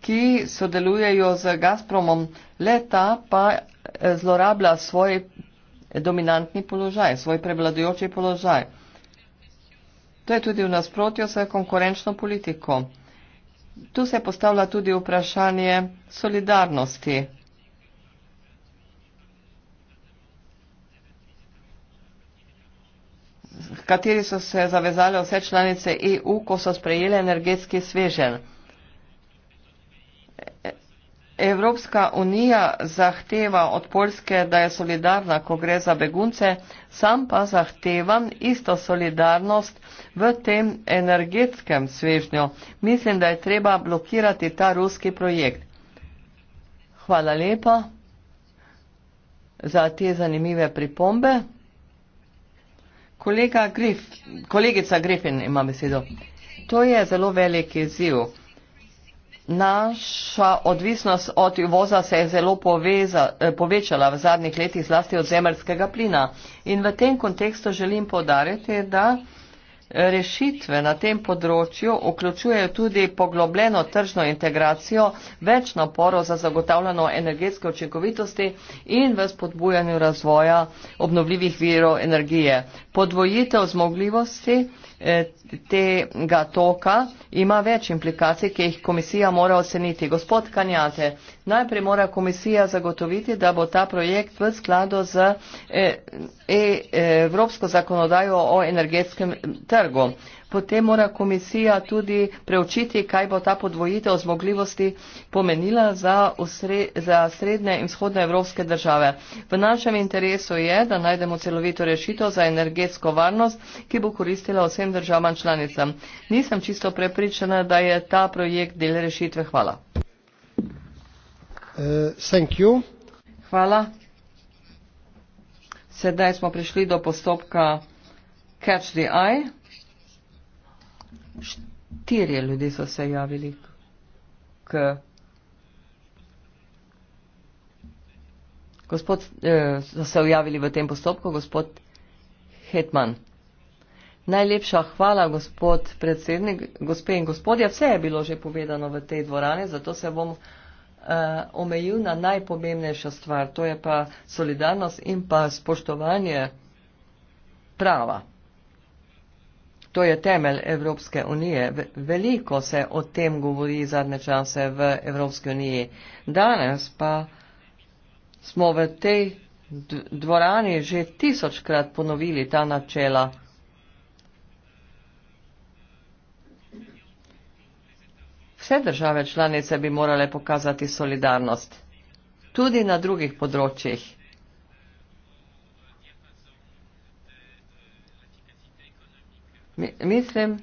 ki sodelujejo z Gazpromom, leta pa eh, zlorablja svoj dominantni položaj, svoj prevladujoči položaj. To je tudi v nasprotju s konkurenčno politiko. Tu se postavlja tudi vprašanje solidarnosti. kateri so se zavezale vse članice EU, ko so sprejeli energetski svežen. Evropska unija zahteva od Poljske, da je solidarna, ko gre za begunce, sam pa zahtevam isto solidarnost v tem energetskem svežnju. Mislim, da je treba blokirati ta ruski projekt. Hvala lepa za te zanimive pripombe. Kolega Grif, kolegica Grifin ima besedo. To je zelo velik izziv. Naša odvisnost od uvoza se je zelo poveza, eh, povečala v zadnjih letih zlasti od zemljskega plina. In v tem kontekstu želim podariti, da rešitve na tem področju vključujejo tudi poglobljeno tržno integracijo, več naporov za zagotavljanje energetske očinkovitosti in v spodbujanju razvoja obnovljivih virov energije, podvojitev zmogljivosti, E, tega toka ima več implikacij, ki jih komisija mora oceniti. Gospod Kanjate, najprej mora komisija zagotoviti, da bo ta projekt v skladu z e, e, Evropsko zakonodajo o energetskem trgu potem mora komisija tudi preučiti, kaj bo ta podvojitev zmogljivosti pomenila za, usre, za srednje in vzhodne evropske države. V našem interesu je, da najdemo celovito rešitev za energetsko varnost, ki bo koristila vsem državam članicam. Nisem čisto prepričana, da je ta projekt del rešitve. Hvala. Uh, Hvala. Sedaj smo prišli do postopka catch the eye. Štirje ljudje so se javili k. Gospod, eh, so se javili v tem postopku, gospod Hetman. Najlepša hvala, gospod predsednik, gospe in gospodje. Vse je bilo že povedano v tej dvorani, zato se bom eh, omejil na najpomembnejša stvar, to je pa solidarnost in pa spoštovanje prava. To je temelj Evropske unije. Veliko se o tem govori zadnje čase v Evropske uniji. Danes pa smo v tej dvorani že tisočkrat ponovili ta načela. Vse države članice bi morale pokazati solidarnost. Tudi na drugih področjih. Mislim,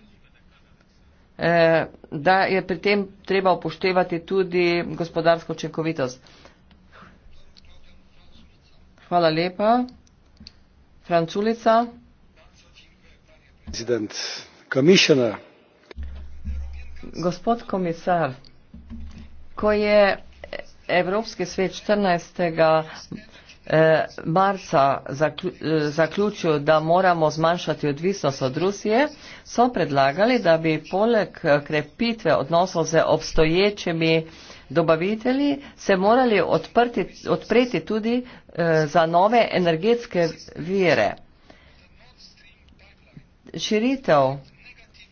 eh, da je pri tem treba upoštevati tudi gospodarsko učinkovitost. Hvala lepa. Franculica. Gospod komisar, ko je Evropski svet 14. Eh, marca eh, zaključil, da moramo zmanjšati odvisnost od Rusije, so predlagali, da bi poleg eh, krepitve odnosov z obstoječimi dobavitelji se morali odprti, odpreti tudi za nove energetske vire. Širitev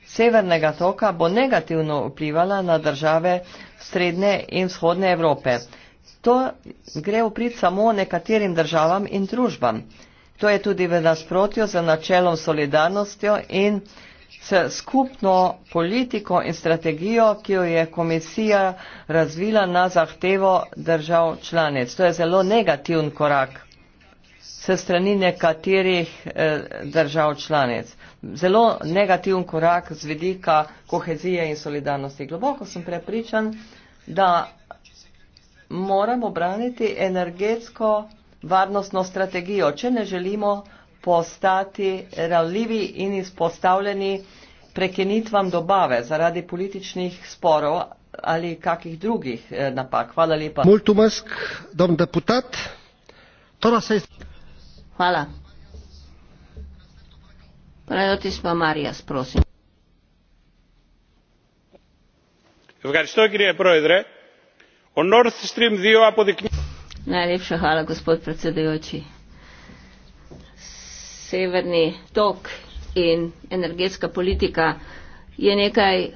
severnega toka bo negativno vplivala na države srednje in vzhodne Evrope. To gre v prid samo nekaterim državam in družbam. To je tudi v nasprotju z načelom solidarnostjo in s skupno politiko in strategijo, ki jo je komisija razvila na zahtevo držav članic. To je zelo negativen korak se strani nekaterih eh, držav članic. Zelo negativen korak z vidika kohezije in solidarnosti. Globoko sem prepričan, da moramo braniti energetsko varnostno strategijo, če ne želimo postati ravljivi in izpostavljeni prekenitvam dobave zaradi političnih sporov ali kakih drugih eh, napak. Hvala lepa. Hvala. Predotis pa Marijas, prosim. Evo ga, što grije proizre? najlepša hvala gospod predsedujoči. severni tok in energetska politika je nekaj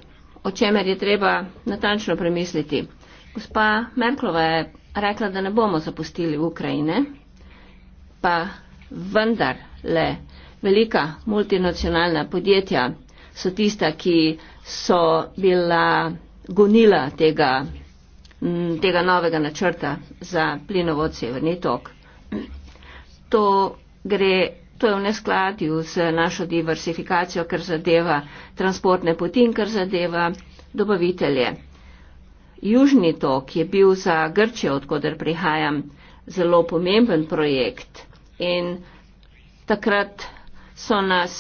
o čemer je treba natančno premisliti. gospa merklova je rekla da ne bomo zapustili ukrajine pa vendar le velika multinacionalna podjetja so tista ki so bila gonila tega Mm, tega novega načrta za plinovod Severni tok. To, gre, to je v neskladju z našo diversifikacijo, kar zadeva transportne poti in kar zadeva dobavitelje. Južni tok je bil za Grče, odkuder prihajam, zelo pomemben projekt in takrat so nas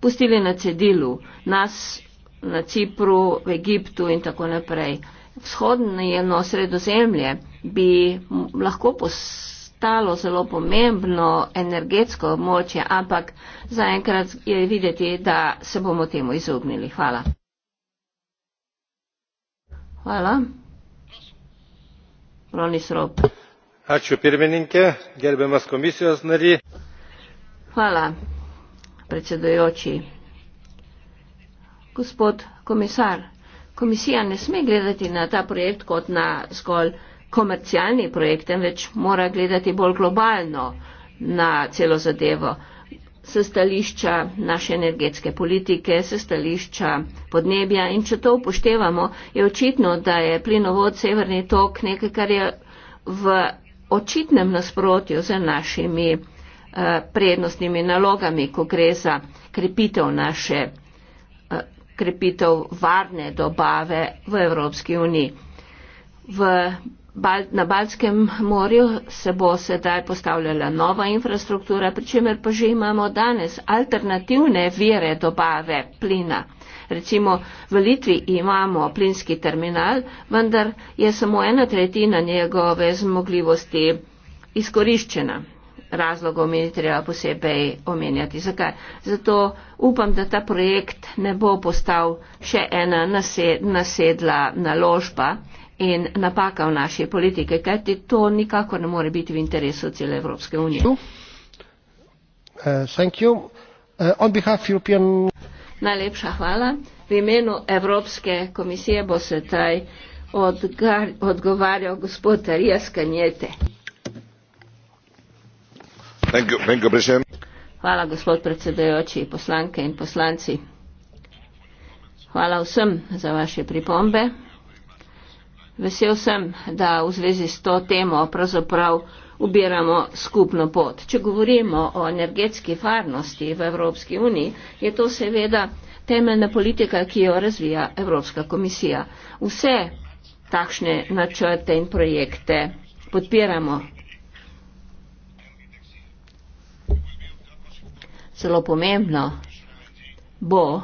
pustili na cedilu, nas na Cipru, v Egiptu in tako naprej vzhodno sredozemlje bi lahko postalo zelo pomembno energetsko območje, ampak zaenkrat je videti, da se bomo temu izognili. Hvala. Hvala. Ronis Rop. Ačiū pirmininkė, gerbiamas komisijos nari. Hvala, predsedojoči. Gospod komisar komisija ne sme gledati na ta projekt kot na zgolj komercialni projekt, temveč mora gledati bolj globalno na celo zadevo, se stališča naše energetske politike, se stališča podnebja in če to upoštevamo, je očitno, da je plinovod Severni tok nekaj, kar je v očitnem nasprotju z našimi eh, prednostnimi nalogami, ko gre za krepitev naše krepitev varne dobave v Evropski uniji. V, na Balskem morju se bo sedaj postavljala nova infrastruktura, pri čemer pa že imamo danes alternativne vire dobave plina. Recimo v Litvi imamo plinski terminal, vendar je samo ena tretjina njegove zmogljivosti izkoriščena razlogov mi ni treba posebej omenjati. Zakaj? Zato upam, da ta projekt ne bo postal še ena nasedla naložba in napaka v naši politike, kajti to nikako ne more biti v interesu cele Evropske unije. Uh, uh European... Najlepša hvala. V imenu Evropske komisije bo se taj odgovarjal gospod Arias Kanjete. Thank you, thank you, Hvala, gospod predsedajoči, poslanke in poslanci. Hvala vsem za vaše pripombe. Vesel sem, da v zvezi s to temo pravzaprav ubiramo skupno pot. Če govorimo o energetski varnosti v Evropski uniji, je to seveda temeljna politika, ki jo razvija Evropska komisija. Vse takšne načrte in projekte podpiramo zelo pomembno, bo uh,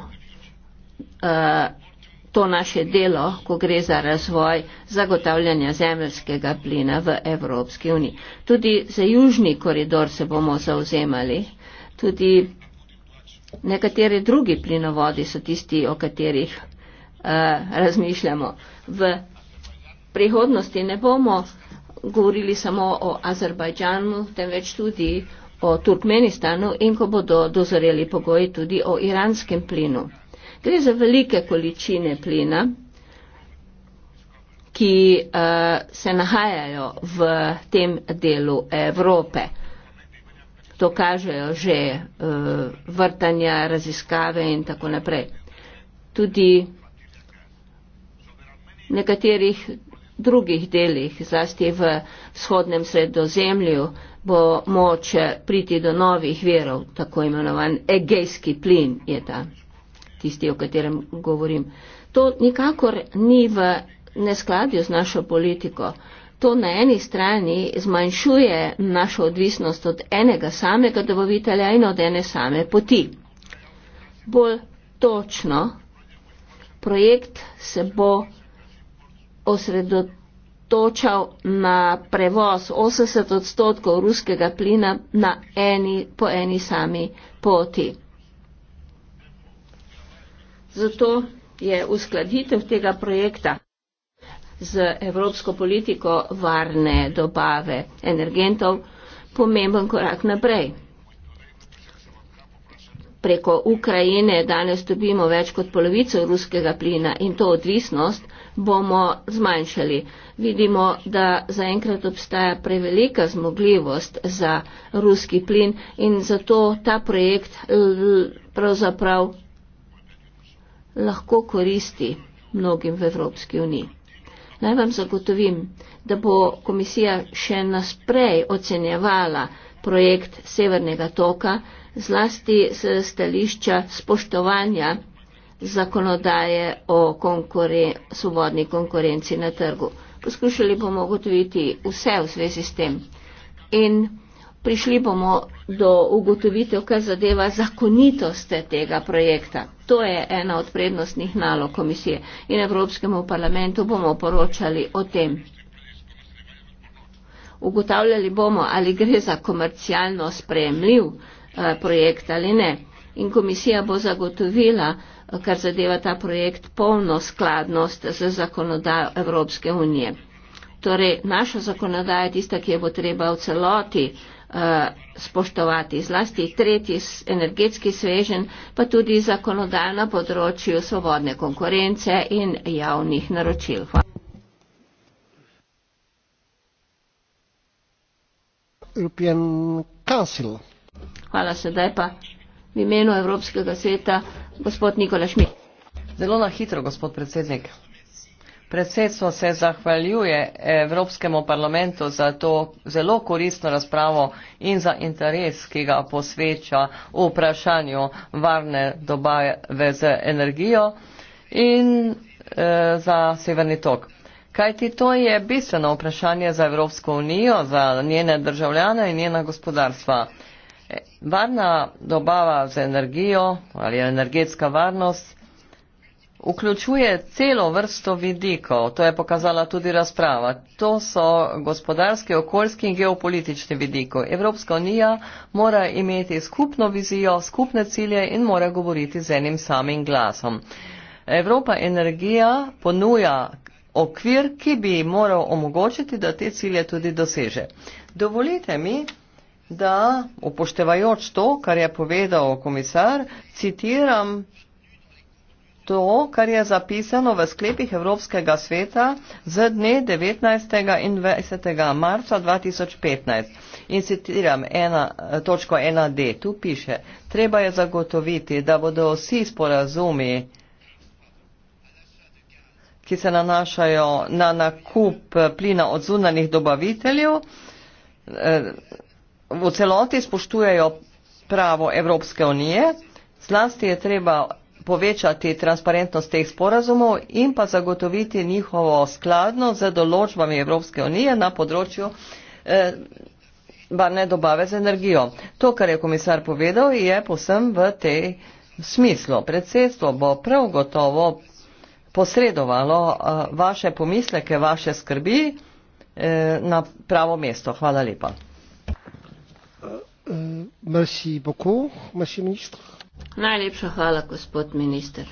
to naše delo, ko gre za razvoj zagotavljanja zemljskega plina v Evropski uniji. Tudi za južni koridor se bomo zauzemali, tudi nekateri drugi plinovodi so tisti, o katerih uh, razmišljamo. V prihodnosti ne bomo govorili samo o Azerbajdžanu, temveč tudi o Turkmenistanu in ko bodo dozoreli pogoji tudi o iranskem plinu. Gre za velike količine plina, ki uh, se nahajajo v tem delu Evrope. To kažejo že uh, vrtanja, raziskave in tako naprej. Tudi nekaterih drugih delih, zlasti v vzhodnem sredozemlju, bo moč eh, priti do novih verov, tako imenovan egejski plin je ta, tisti, o katerem govorim. To nikakor ni v neskladju z našo politiko. To na eni strani zmanjšuje našo odvisnost od enega samega dobavitelja in od ene same poti. Bolj točno, projekt se bo osredotočal na prevoz 80 odstotkov ruskega plina na eni, po eni sami poti. Zato je uskladitev tega projekta z evropsko politiko varne dobave energentov pomemben korak naprej. Preko Ukrajine danes dobimo več kot polovico ruskega plina in to odvisnost bomo zmanjšali. Vidimo, da zaenkrat obstaja prevelika zmogljivost za ruski plin in zato ta projekt eh, pravzaprav lahko koristi mnogim v Evropski uniji. Naj vam zagotovim, da bo komisija še nasprej ocenjevala projekt Severnega toka, zlasti z stališča spoštovanja zakonodaje o konkuren svobodni konkurenci na trgu. Poskušali bomo ugotoviti vse v zvezi s tem in prišli bomo do ugotovitev, kar zadeva zakonitost tega projekta. To je ena od prednostnih nalog komisije in Evropskemu parlamentu bomo poročali o tem. Ugotavljali bomo, ali gre za komercialno sprejemljiv eh, projekt ali ne. In komisija bo zagotovila, kar zadeva ta projekt, polno skladnost z zakonodajo Evropske unije. Torej, naša zakonodaja je tista, ki jo bo treba v celoti uh, spoštovati, zlasti tretji energetski svežen, pa tudi zakonodaja na področju svobodne konkurence in javnih naročil. Hvala. European Council. Hvala, sedaj pa v imenu Evropskega sveta gospod Nikola Šmit. Zelo na hitro, gospod predsednik. Predsedstvo se zahvaljuje Evropskemu parlamentu za to zelo koristno razpravo in za interes, ki ga posveča v vprašanju varne dobave z energijo in e, za severni tok. Kajti to je bistveno vprašanje za Evropsko unijo, za njene državljane in njena gospodarstva. Varna dobava z energijo ali energetska varnost vključuje celo vrsto vidikov, to je pokazala tudi razprava. To so gospodarski, okoljski in geopolitični vidiki. Evropska unija mora imeti skupno vizijo, skupne cilje in mora govoriti z enim samim glasom. Evropa energija ponuja okvir, ki bi moral omogočiti, da te cilje tudi doseže. Dovolite mi, da upoštevajoč to, kar je povedal komisar, citiram to, kar je zapisano v sklepih Evropskega sveta z dne 19. in 20. marca 2015. In citiram ena, točko 1d, tu piše, treba je zagotoviti, da bodo vsi sporazumi, ki se nanašajo na nakup plina od zunanih dobaviteljev, eh, v celoti spoštujejo pravo Evropske unije, zlasti je treba povečati transparentnost teh sporazumov in pa zagotoviti njihovo skladno z določbami Evropske unije na področju eh, barne dobave z energijo. To, kar je komisar povedal, je posem v tej smislu. Predsedstvo bo prav gotovo posredovalo eh, vaše pomisleke, vaše skrbi eh, na pravo mesto. Hvala lepa. Euh, merci beaucoup, monsieur ministre. Najlepša hvala, gospod minister.